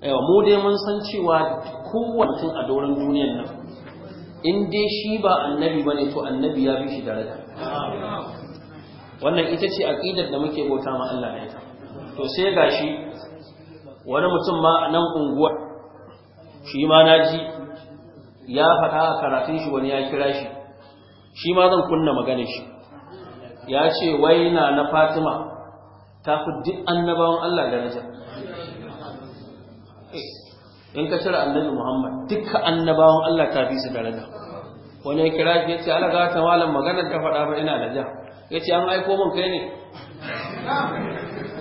yawa mu dai mun san cewa kowane mutum a doron duniyan nan in dai shi ba annabi bane to annabi ya bi shi da daraja wannan ita ce aqidar da muke bauta ma Allah ne to sai gashi wani mutum ma a nan unguwa shi ma naji ya faɗa a karatun shi wani ya kira shi shi ma zan kunna maganar shi ya ce wai na na Fatima ta fi duk annabawan Allah daraja in ka cire annabi Muhammad duka annabawan Allah ta fi su daraja wani ya kira ya ce alaga ta malam maganar ta faɗa ba ina da ja ya ce an aiko min kai ne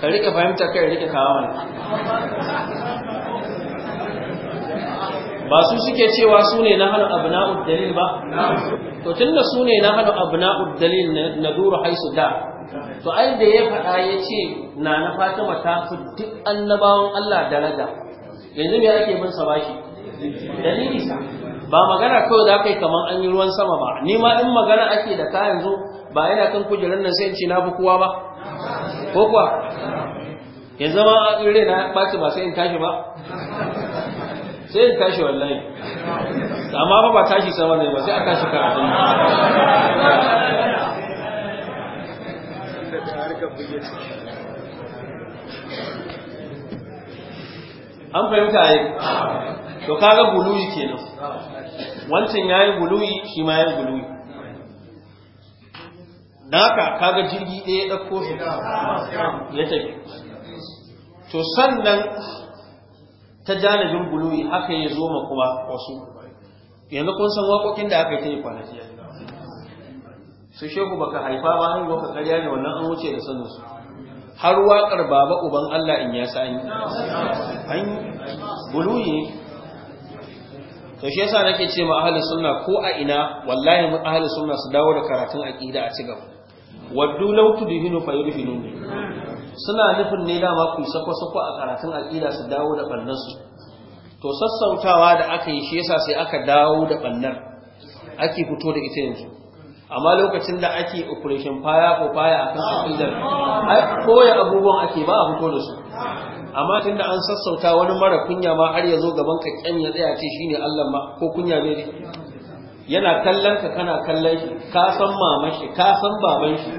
ka rike fahimta kai rike kawo ba su suke cewa su ne na hannu abu dalil ba to tun da su ne na hannu abna'ud dalil na duru haisu da to ai da ya faɗa ya ce na na fatima ta fi duk annabawan Allah daraja yanzu me ake mun sa bashi dalili sa ba magana kawai da kai kaman kamar an yi ruwan sama ba ni ma in magana ake da ka yanzu ba yana kan kujerar nan sai in ce na fi kowa ba ko kuwa yanzu ma in na ɓaci ba sai in tashi ba sai in tashi wallahi amma ba ba tashi sama ne ba sai a tashi karatun an fahimta yi to kaga guluwi kenan wancan ya yi guluwi shi ma ya yi guluwi da haka kaga jirgi ɗaya ya ɗauko su ya tafi to sannan ta janajin guluwi haka ya zo ma kuma wasu yanzu kun san waƙoƙin da aka yi ta yi kwanaki su shehu baka haifa ba haihuwa ka karya ne wannan an wuce da sanin su har waƙar baba uban Allah in ya sa an buluyi to shi yasa nake ce ma ahlus sunna ko a ina wallahi mu ahlus sunna su dawo da karatun aqida a ci waddu law tudhinu fayudhinun suna nufin ne dama ku sako sako a karatun aqida su dawo da ballan to sassautawa da aka yi shi yasa sai aka dawo da ballar ake fito da ita yanzu amma lokacin da ake operation faya ko faya akan akidar ai koya abubuwan ake ba a fito da su amma da an sassauta wani mara kunya ma har ya zo gaban ka kyan ya tsaya ce shine Allah ma ko kunya ne yana kallon ka kana kallon shi ka san maman shi ka san baban shi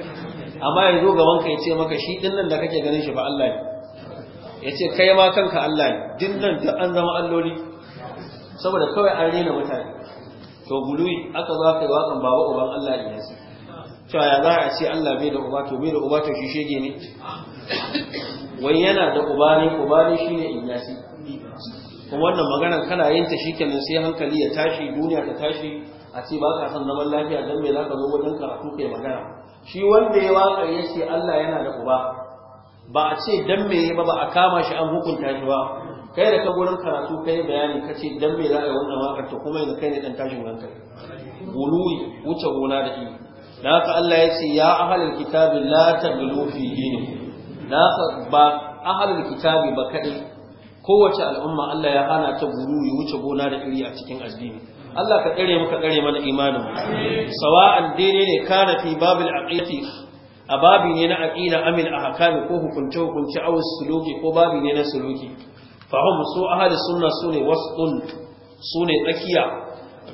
amma ya zo gaban ka ya ce maka shi din nan da kake ganin shi ba Allah ne ya ce kai ma kanka Allah ne din nan duk an zama alloli saboda kawai an rena mutane to guluwi aka za ka yi wakan baba uban Allah ya yasa cewa ya za a ce Allah bai da uba to bai da uba to shi shege ne wai yana da uba ne uba ne shi shine inyasi kuma wannan maganar kana yin ta shi kenan sai hankali ya tashi duniya ta tashi a ce ba ka san zaman lafiya dan me za ka zo wajen karatu kai magana shi wanda ya waka ya ce Allah yana da uba ba a ce dan me ba ba a kama shi an hukunta shi ba kai da ka gurin karatu kai bayani ka ce dan me za a yi wannan wakar ta kuma yanzu kai ne dan tashin hankali guluwi wuce gona da ini da haka Allah ya ce ya ahlul kitabi la taghlu fi dinikum da haka ba ahlul kitabi ba kadai kowace al'umma Allah ya hana ta guluwi wuce gona da iri a cikin addini Allah ka tsare muka tsare mana imanin sawa'an daidai ne kana fi babil aqidati a babi ne na aqida amil ahkami ko hukunce hukunce aw suluki ko babi ne na suluki fahim su ahli sunna sune wasdun sune tsakiya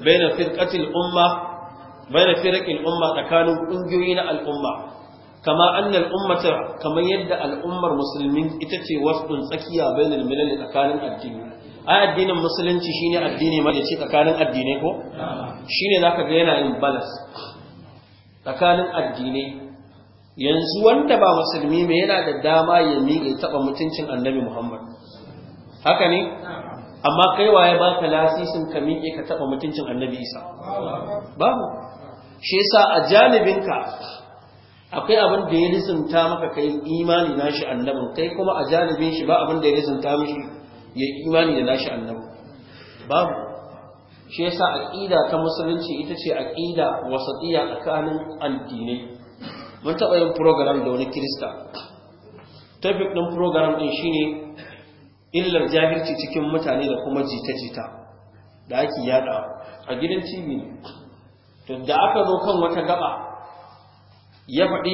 baina firqatil umma baina firqil umma tsakanin kungiyoyi na al'umma kama anna al'ummata kamar yadda al'ummar musulmin ita ce wasdun tsakiya bainal milal tsakanin addini ai addinin musulunci shine addini ma ce tsakanin addinai ko shine zaka ga yana yin balas tsakanin addinai yanzu wanda ba musulmi mai yana da dama ya taɓa mutuncin annabi Muhammad haka ne amma kai waye ba ka lasisin ka miƙe ka taɓa mutuncin annabi isa babu shi yasa a janibinka akwai abin da ya lizinta maka kai imani na shi annabin kai kuma a janibin shi ba abin da ya lizinta mishi ya imani da nashi annabin babu shi yasa aqida ta musulunci ita ce aqida wasatiya tsakanin addinai mun taɓa yin program da wani kirista tafiq ɗin program ɗin shine illar jahilci cikin mutane da kuma jita-jita da ake yada a gidan tv da aka zo kan wata gaba ya faɗi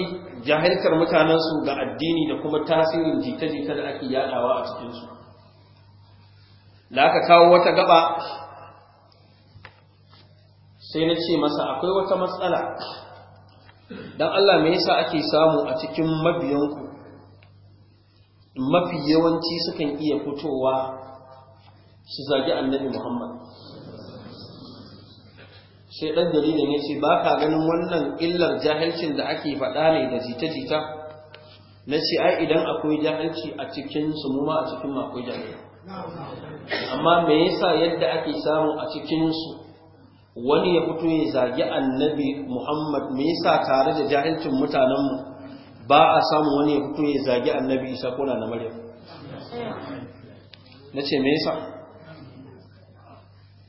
jahilkar mutanensu ga addini da kuma tasirin jita-jita da ake yadawa a cikinsu da aka kawo wata gaba sai na ce masa akwai wata matsala don allah me yasa ake samu a cikin mabiyanku mafi yawanci sukan iya fitowa su zagi annabi muhammad sai ɗan dalilin ya ce ba ka ganin wannan illar jahilcin da ake faɗa ne da jita-jita na ce ai idan akwai jahilci a cikin su ma a cikin akwai jami'a. amma me yasa yadda ake samu a cikin su wani ya fito ya zagi annabi muhammad me yasa tare da jahilcin mutanenmu ba a samu wani ya fito ya zagi annabi isa ko na maryam na ce me yasa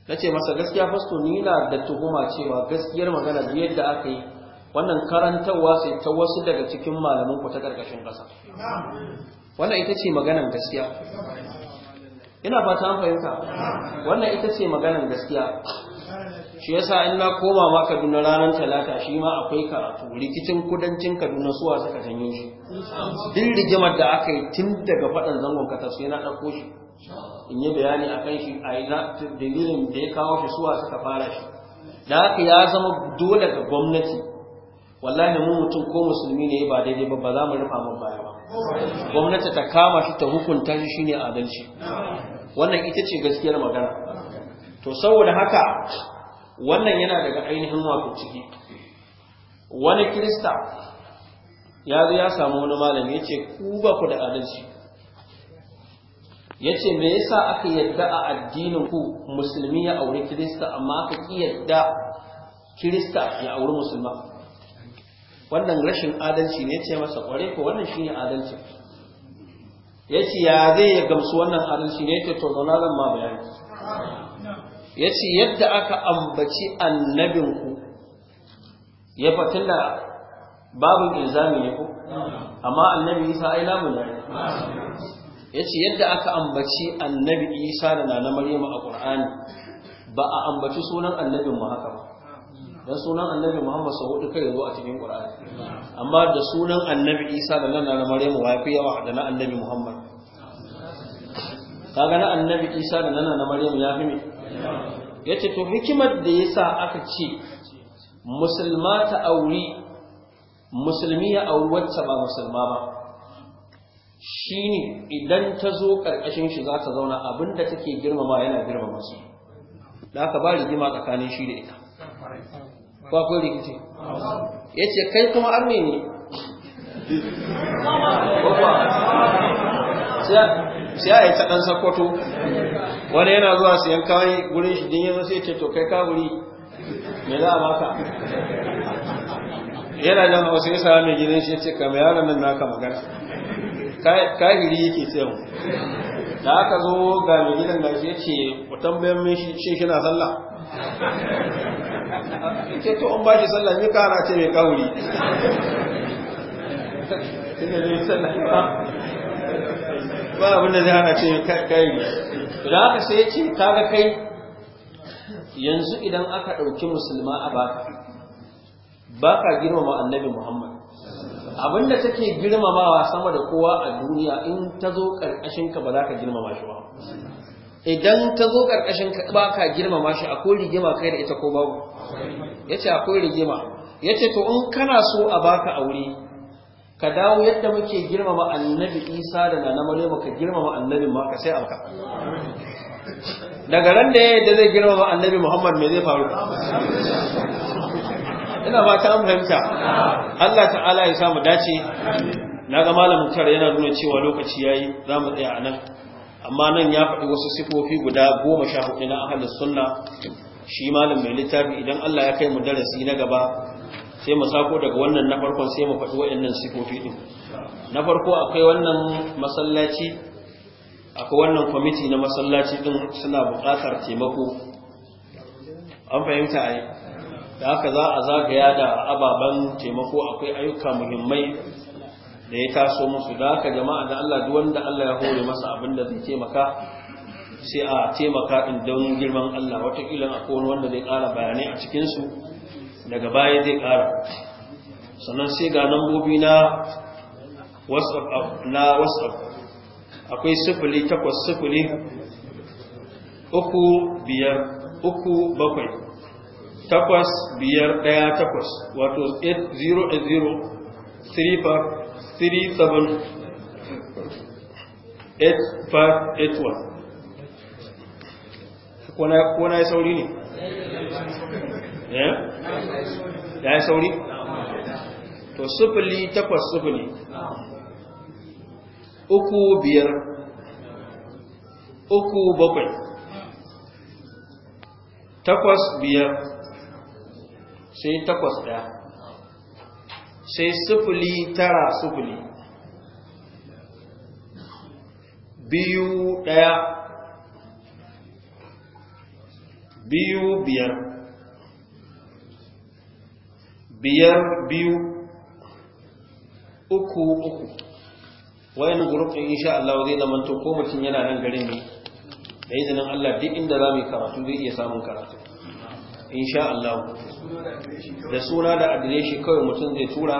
na ce masa gaskiya fasto ni na da tuhuma cewa gaskiyar magana yadda aka yi wannan karantarwa sai ta wasu daga cikin malaman ku ta karkashin ƙasa wannan ita ce maganan gaskiya ina fata an fahimta wannan ita ce maganan gaskiya shi yasa in na koma ma Kaduna ranar talata shi ma akwai karatu rikicin kudancin Kaduna suwa suka janyo shi din rigimar da aka yi tun daga faɗan zangon kata sai na ɗauko shi in yi bayani a kan shi a dalilin da ya kawo shi suwa suka fara shi da aka ya zama dole ga gwamnati wallahi mu mutum ko musulmi ne ba daidai ba ba za mu rufa mun baya ba gwamnati ta kama shi ta hukunta shi shine adalci wannan ita ce gaskiyar magana to saboda haka wannan yana daga ainihin wato ciki wani kirista ya zo ya samu wani malami ya ce ku ba ku da adalci ya ce me yasa aka yadda a addinin ku musulmi ya auri kirista amma aka ki yadda kirista ya auri musulma wannan rashin adalci ne ce masa kware ko wannan shine adalci ya ce ya zai ya gamsu wannan adalci ne ya ce to zauna zan ma bayani ya ce yadda aka ambaci annabinku ya da babin ilzami ne ku amma annabi isa a namu ne ya ce yadda aka ambaci annabi isa da na maryama a ƙur'ani ba a ambaci sunan annabin mu haka ba dan sunan annabi muhammad sau hudu kai zo a cikin ƙur'ani amma da sunan annabi isa da nan na maryama fi yawa da na annabi muhammad kaga na annabi isa da nan na maryama ya fi mai. Yace to hikimar da ya sa aka ce musulma ta auri musulmi ya auri wacce ba musulma ba shi idan ta zo ƙarƙashin shi za ta zauna abin da take girmama yana girmama su da aka ba rigima tsakanin shi da ita ko akwai rikici Yace kai kuma arme ne sai a yi ta ɗan sakwato wani yana zuwa siyan kawai wurin shi din yanzu sai ce to kai kawuri me za a baka yana jan hausa ya sami mai gidan shi ya ce kama yaron nan naka magana kahiri yake tsayon da aka zo ga mai gidan da ya ce ku tambayan min shi shi na sallah ke to an ba shi sallah ni kana ce mai kawuri tunda sallah ba ba abin da zai hana ce kai da haka sai ya ce kaga kai yanzu idan aka ɗauki musulma a baka baka girmama annabi Muhammad abinda take girmamawa sama da kowa a duniya in ta zo ƙarƙashin ka ba za ka girmama shi ba idan ta zo ƙarƙashin ka ba ka girmama shi akwai rigima kai da ita ko babu yace akwai rigima yace to in kana so a baka aure ka dawo yadda muke girmama annabi isa da na maryama ka girmama annabi ma ka sai alka daga ran da ya yadda zai girmama annabi muhammad me zai faru ina ba ta fahimta Allah ta'ala ya samu dace na ga malam muktar yana nuna cewa lokaci ya yi, za mu tsaya a nan amma nan ya faɗi wasu sifofi guda goma sha hudu na ahalin sunna shi malam mai littafi idan Allah ya kai mu darasi na gaba sai mu sako daga wannan na farkon sai mu faɗi waɗannan sifofi din na farko akwai wannan masallaci akwai wannan kwamiti na masallaci din suna buƙatar taimako an fahimta ai da haka za a zagaya da ababen taimako akwai ayyuka muhimmai da ya taso musu da haka jama'a da Allah duk wanda Allah ya hore masa abin da zai taimaka sai a taimaka din don girman Allah watakila akwai wanda zai ƙara bayanai a cikinsu daga baya zai ƙara sannan sai ga lambobi uh, na whatsapp akwai sifili takwas sifili uku biyar uku bakwai takwas biyar ɗaya takwas wato 08037 kona ya sauri ne Eh? ya yi sauri to sufili takwas sufili uku biyar uku bakwai takwas biyar sai takwas ɗaya sai sufuli tara sufuli biyu ɗaya biyu biyar biyar biyu uku uku wayan gurufin insha Allah zai zama to ko mutum yana nan garin ne da izinin Allah duk inda za mu karatu zai iya samun karatu insha Allah da suna da adireshi kawai mutum zai tura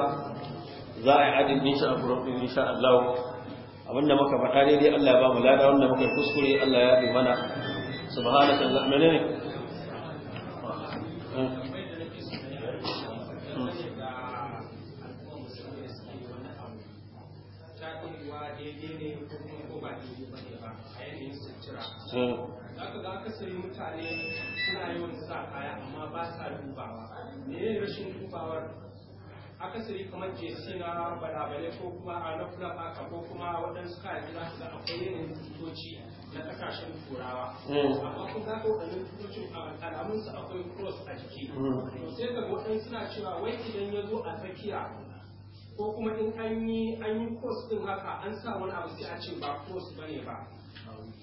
za a yi adadin shi a gurufin insha Allah abinda muka faɗa dai Allah ya ba mu lada wanda muka kuskure Allah ya bi mana subhanaka Allah menene zaka hmm. ga akasari mutane suna yawan sa kaya amma ba sa dubawa ne rashin dubawar akasari kamar jesi na balabale ko kuma a na kula haka ko kuma waɗansu kayan za su ga akwai yanayin tutoci na ƙasashen turawa hmm. amma kun ga waɗannan tutocin alamunsa akwai cross a jiki hmm. to sai ga waɗansu suna cewa wai idan ya zo a tsakiya ko kuma in an yi an yi cross ɗin haka an sa wani abu sai a ce ba cross bane ba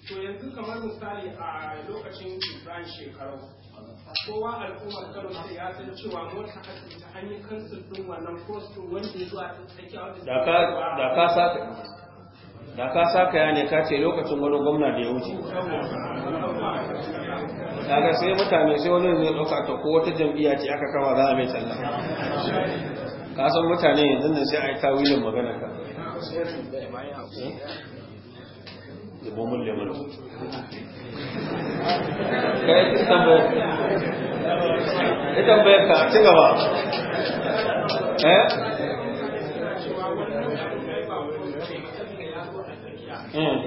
to yanzu kamar misali a lokacin ibrahim shekaru kowa al'ummar kano ya san cewa mota asibiti an hanyar kansu tun wannan posto wanda ya zuwa ta tsakiya da ka saka da ka saka ya ne ka ce lokacin wani gwamna da ya wuce daga sai mutane sai wani zai ɗauka ta ko wata jam'iyya ce aka kama za a mai talla ka san mutane yanzu da sai a yi tawilin magana ka yabo mun lemon kai ita ka ci gaba eh? hmm.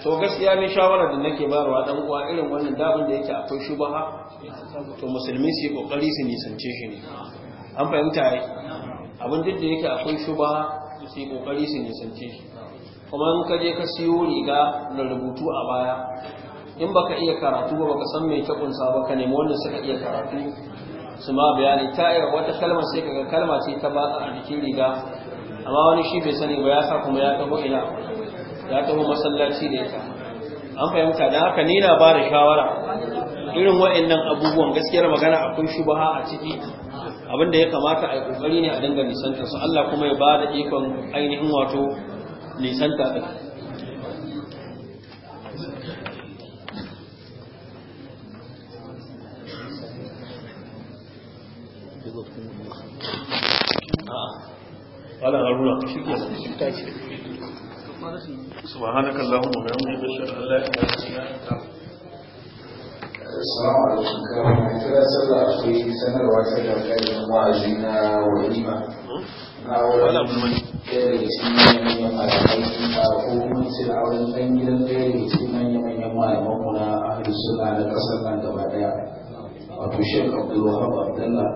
to gaskiya ne shawara da nake bayarwa dan uwa irin wannan dabin da yake akwai shubaha to musulmi su yi kokari su nisance shi ne an fahimta yi abin duk da yake akwai shubaha su yi kokari su nisance shi kuma in ka je ka siyo riga da rubutu a baya in baka iya karatu ba baka san mai ta ba ka nemi wanda suka iya karatu su ma bayani ta iya wata kalma sai kaga kalma ce ta ba a jikin riga amma wani shi bai sani ba ya sa kuma ya taho ina ya taho masallaci da ita an fahimta da haka ni na ba da shawara irin wa'annan abubuwan gaskiyar magana akwai shubaha a ciki abin da ya kamata a yi kokari ne a dinga nisanta su Allah kuma ya bada ikon ainihin wato nisanta ɗin ala haruna shi ke shi ta ce subhanaka allahumma wa bihamdika ashhadu an la ilaha illa da wala mun wato shek abdulwahab abdallah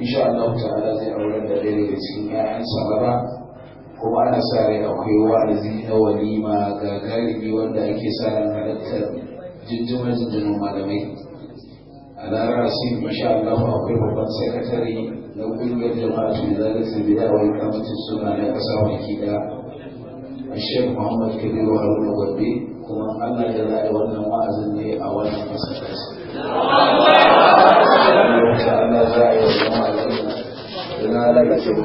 insha Allah ta'ala zai aurar da ɗaya daga cikin ƴaƴan sabara kuma ana sa rai akwai wa'azi na walima ga galibi wanda ake sa ran halartar jinjima jinjimin malamai a lara rasim insha Allah akwai babban sakatare na ƙungiyar jama'a da zai biya a wani kamfanin suna na kasa wani a shek muhammad kabiru haruna gombe kuma allah ya zaɗa wannan wa'azin ne a wannan masallaci Allah yi wa da na lalace ah, kuma da da baki da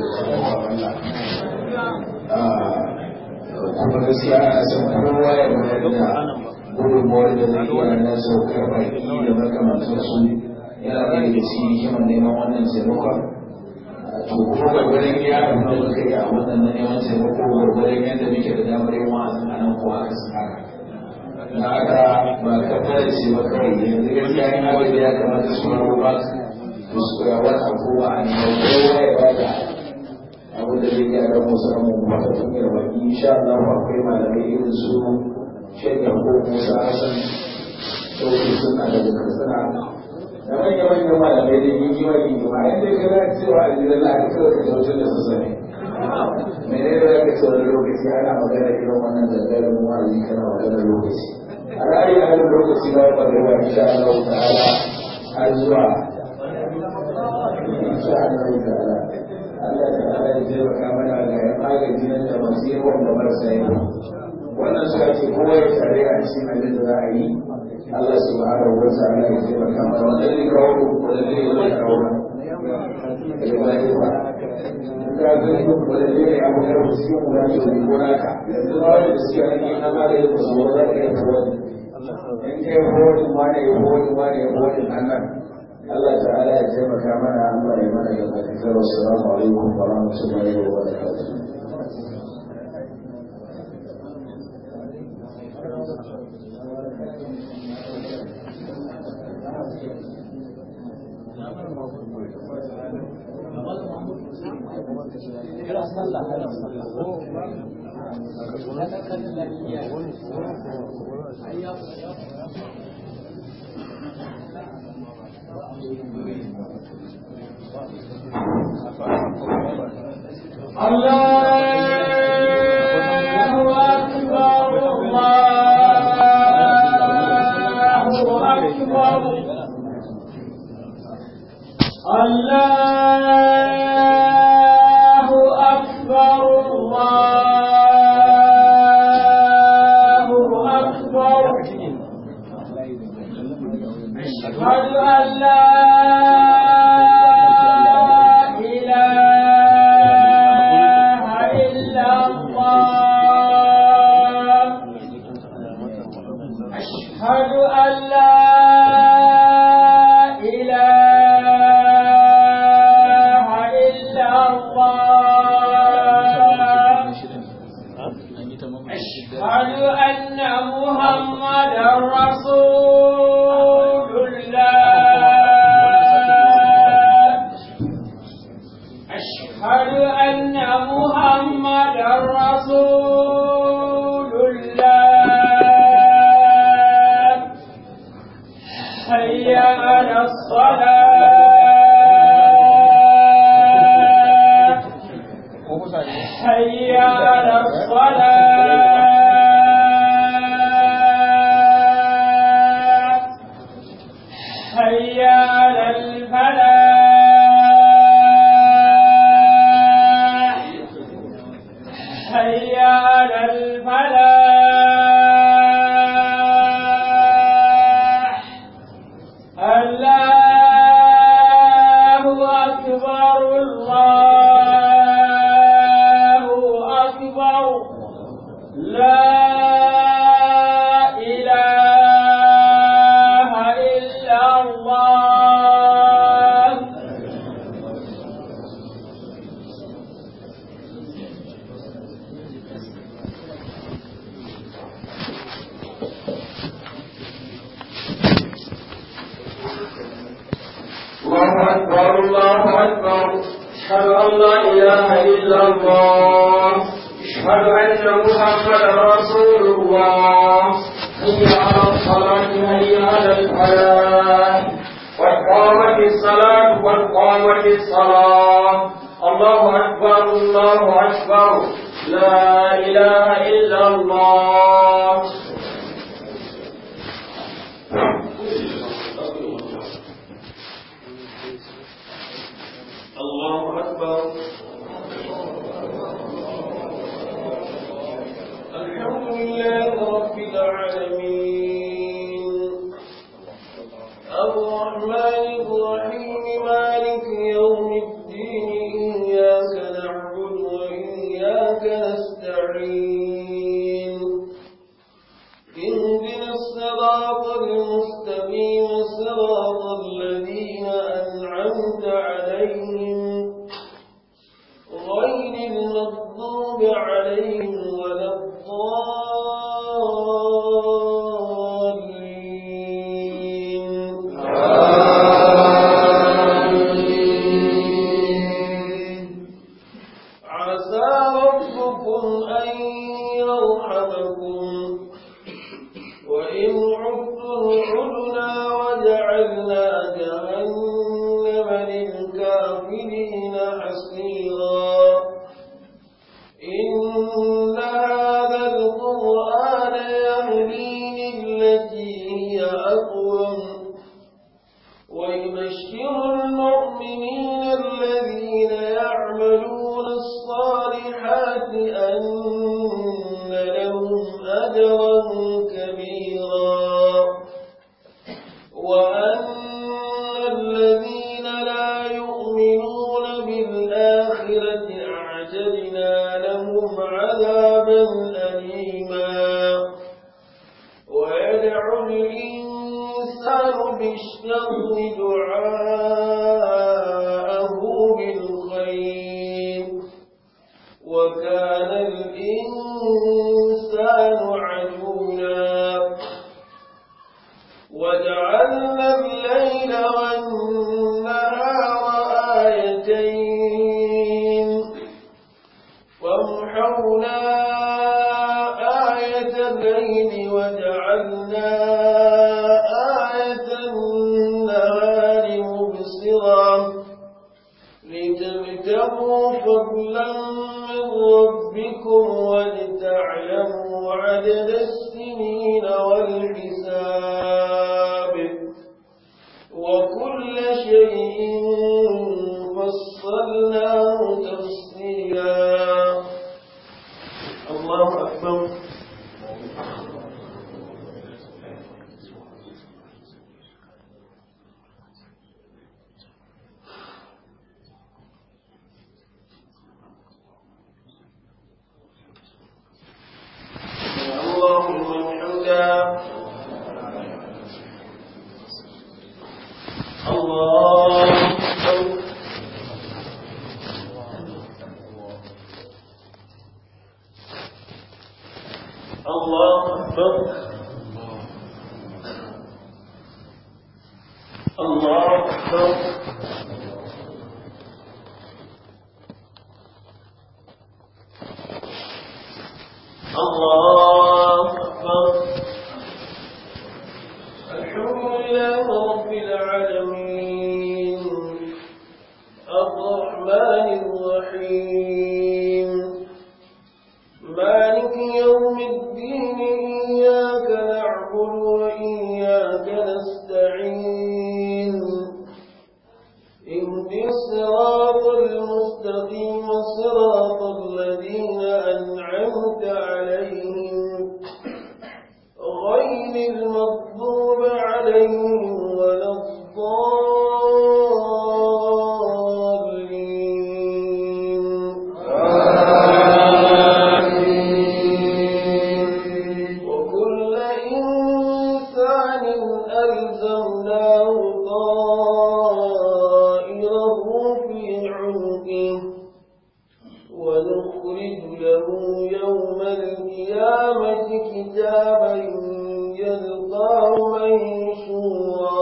yana da cikin neman wannan taimakon to kuma gwargwaron yaron na muka yi a waɗannan yawancin ko gwargwaron yadda muke da damar yin wa'azin a nan ko aka sun haka na aka ba ka fara ce ba kawai yanzu gaskiya yin abin da ya kamata su maro ba su suya wata ko ba a ne ba kowa ya ba da abin da zai gyara musu ramin ba ta tun ba insha Allah akwai malamai irin su shekar ko musa hasan sauki suna da bukar suna da manyan manyan malamai da yi kima kima yadda ya gana cewa a jiran lafi kawai wata tautar da su sani mene ne za ka ce wani lokaci ana magana irin wannan zangarin wa'azi kana magana lokaci a ra'ayi a lokaci na yi ɓarewa insha Allah ta'ala har zuwa insha Allah ta'ala Allah ta'ala ya taimaka mana ga ya magani nan da masu yawan da marasa yawa wannan suka ce kowa ya tare a cikin abin da za a yi Allah subhanahu wa ta'ala ya taimaka mana wannan ne kawo ko wannan ne wannan kawo ya ba ni ba da ga ko wannan ne abu da su mu da su ko na ka da ba da su ya ni na ma da ku su wannan ne ko in kai ko ma ne ko ma ne ko annan Allah ta'ala ya taimaka mana Allah ya mana da kasar assalamu alaikum wa rahmatullahi wa barakatuh Allah عليه ألزمناه طائره في عنقه ونخرج له يوم القيامة كتابا يلقاه منشورا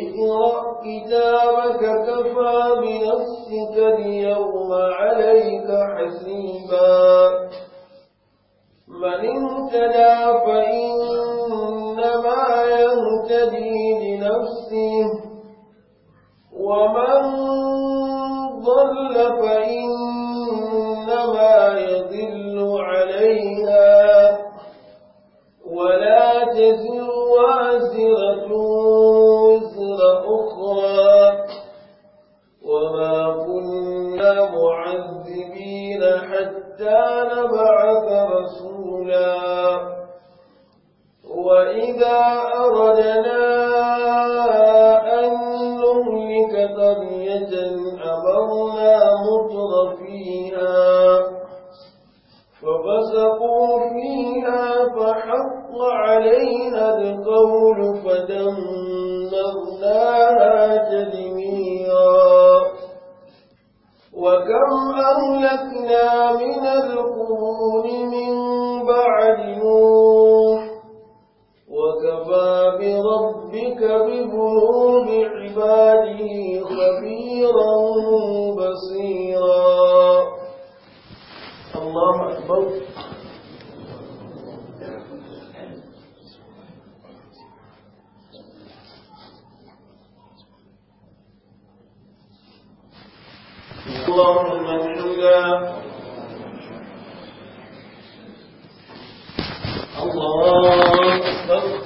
اقرأ كتابك كفى بنفسك اليوم عليك حسيبا من اهتدى فإن إنما يهتدي لنفسه ومن ضل فإنما يضل عليها ولا تزر وازرة وزر أخرى وما كنا معذبين حتى نبعث وإذا أردنا أن نهلك قرية أمرنا مُطْرَفِيهَا ففسقوا فيها فحق علينا القول فدمرناها تدميرا وكم أهلكنا من القرون من بعد نور بِرَبِّكَ بِذُنُوبِ عِبَادِهِ خَبِيرًا بَصِيرًا الله أكبر اللهم الحمد الله أكبر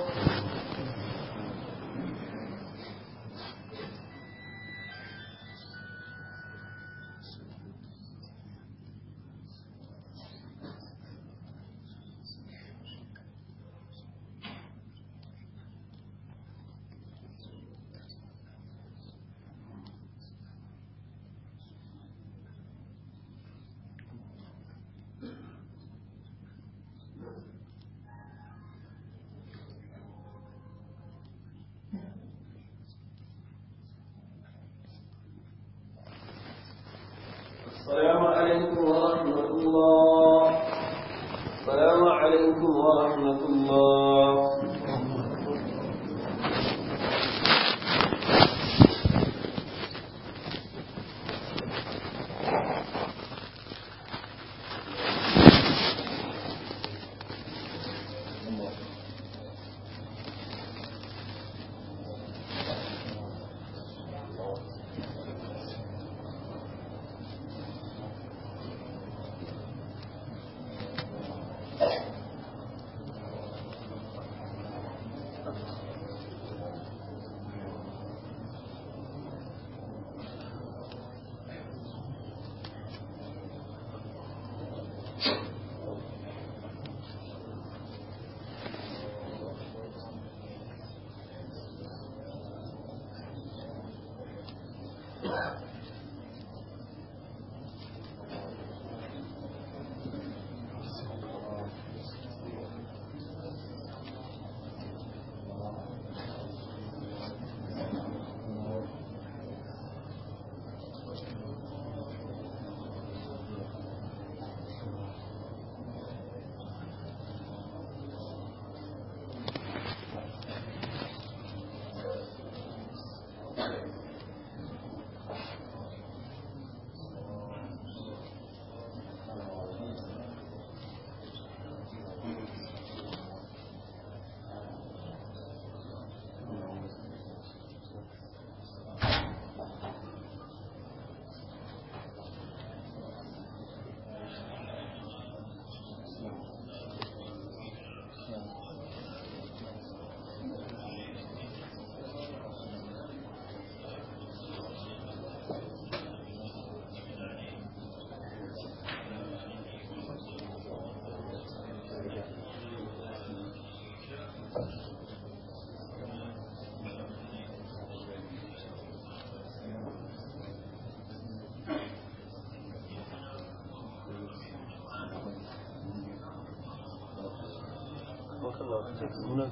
uno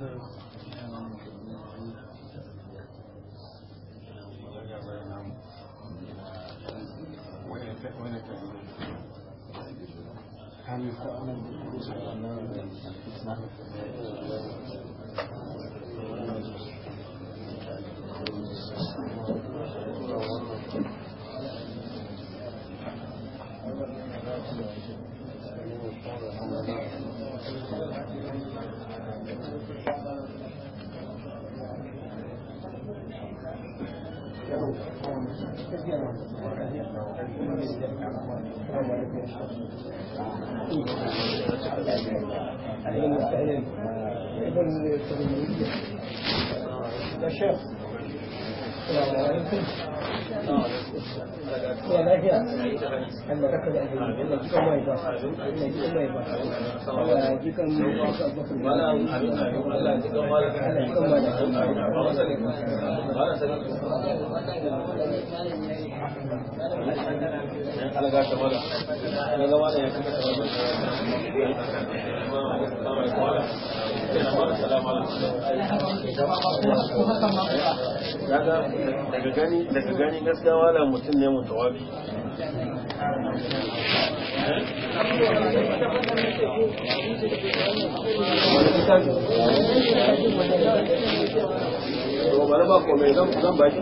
يا شيخ السلام عليكم ولكن أن ركض أهل ثم يبقى ثم يبقى وجيك الموقف أبوك ولا ولا جيك مالك ثم يبقى ولا سليم ولا سليم على قاش ولا على قوانا يا كتاب daga gani daga gani mutum ne mutawabi ba ko mai zan baki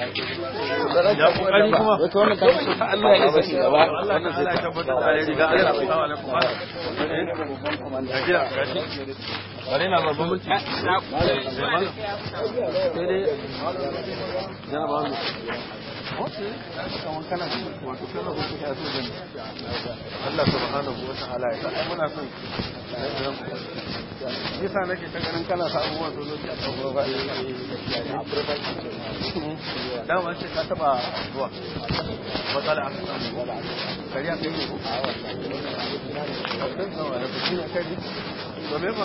ya kokari kuma wata wannan kan shi Allah ya sani da da Allah subhanahu wa ta'ala ya sa muna son yasa nake ta ganin kana sa zo ce ka taba zuwa matsala a kan kariya kai ne ko a wata da kari domin ba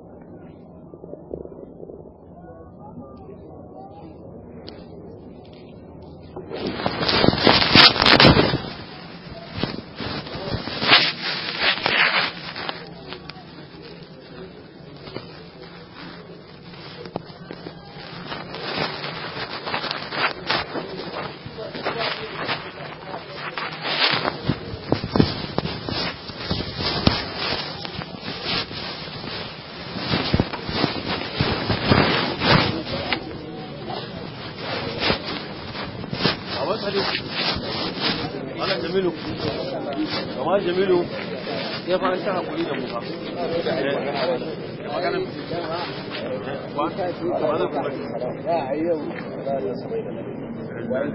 jamilu ya fa an ta hakuri da mu ba magana ba ta ci ba na kuma ba a yau da Allah sabai da وهي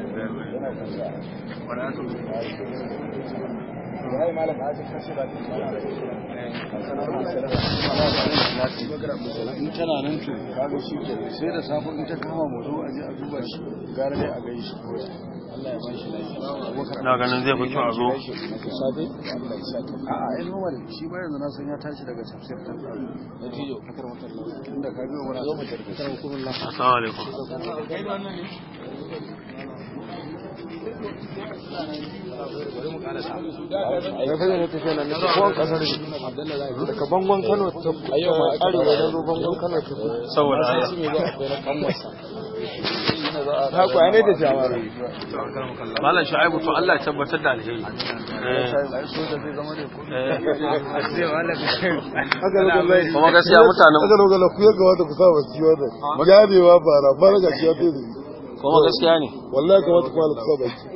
in tana nan to kaga shi ke sai da safo in ta kama mu zo a je a duba shi gara dai a gaishe na ganin zai fito a zo arewa ha ku ne da jawara malam shu'aibu to Allah ya tabbatar da alheri kuma gaskiya mutanen aka roga ku bara kuma gaskiya ne wallahi ku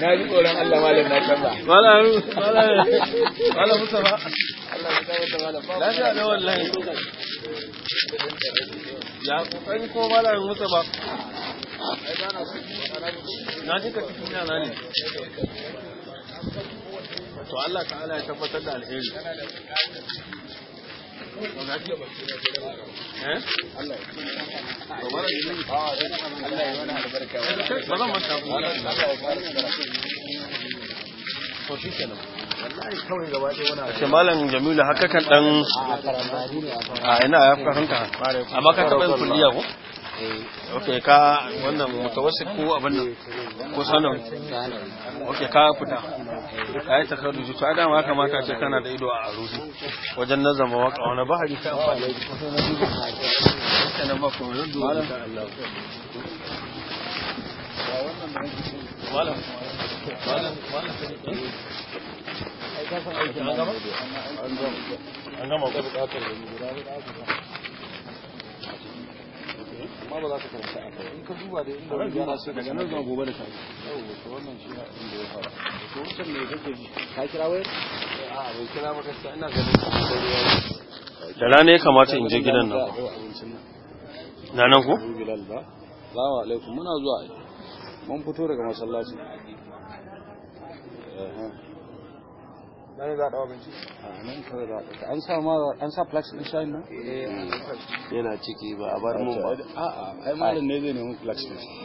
na ji tsoron Allah malam na canza malam malam malam musa ba Allah ya kawo malam da wallahi ya ko malam musa ba na ji ka cikin yana ne to Allah ta'ala ya tabbatar da alheri malam jamilu haka kan dan a ina ya fi hankali amma kan taɓa yin kulliya ko Eh, ok ka wannan mutawassit ko abin nan ko sanon ok ka fita ka yi takar da jutu adam haka mata ce kana da ido a arudi wajen nazama waka wani bahari ta amfani da malam malam malam an amma ba za ka karanta a kai in ka duba da inda daga nan zuwa gobe da yau to wannan shi inda ya fara to ne kake ji ka kira wai eh, a bai kira ina ganin da rana ya kamata in je gidan nan na nan ko salamu alaikum muna zuwa mun fito daga masallaci nan za a dawa an sa ma an sa din shayin nan eh, yana ciki ba a bar mun ba ai malam ne zai nemi flax din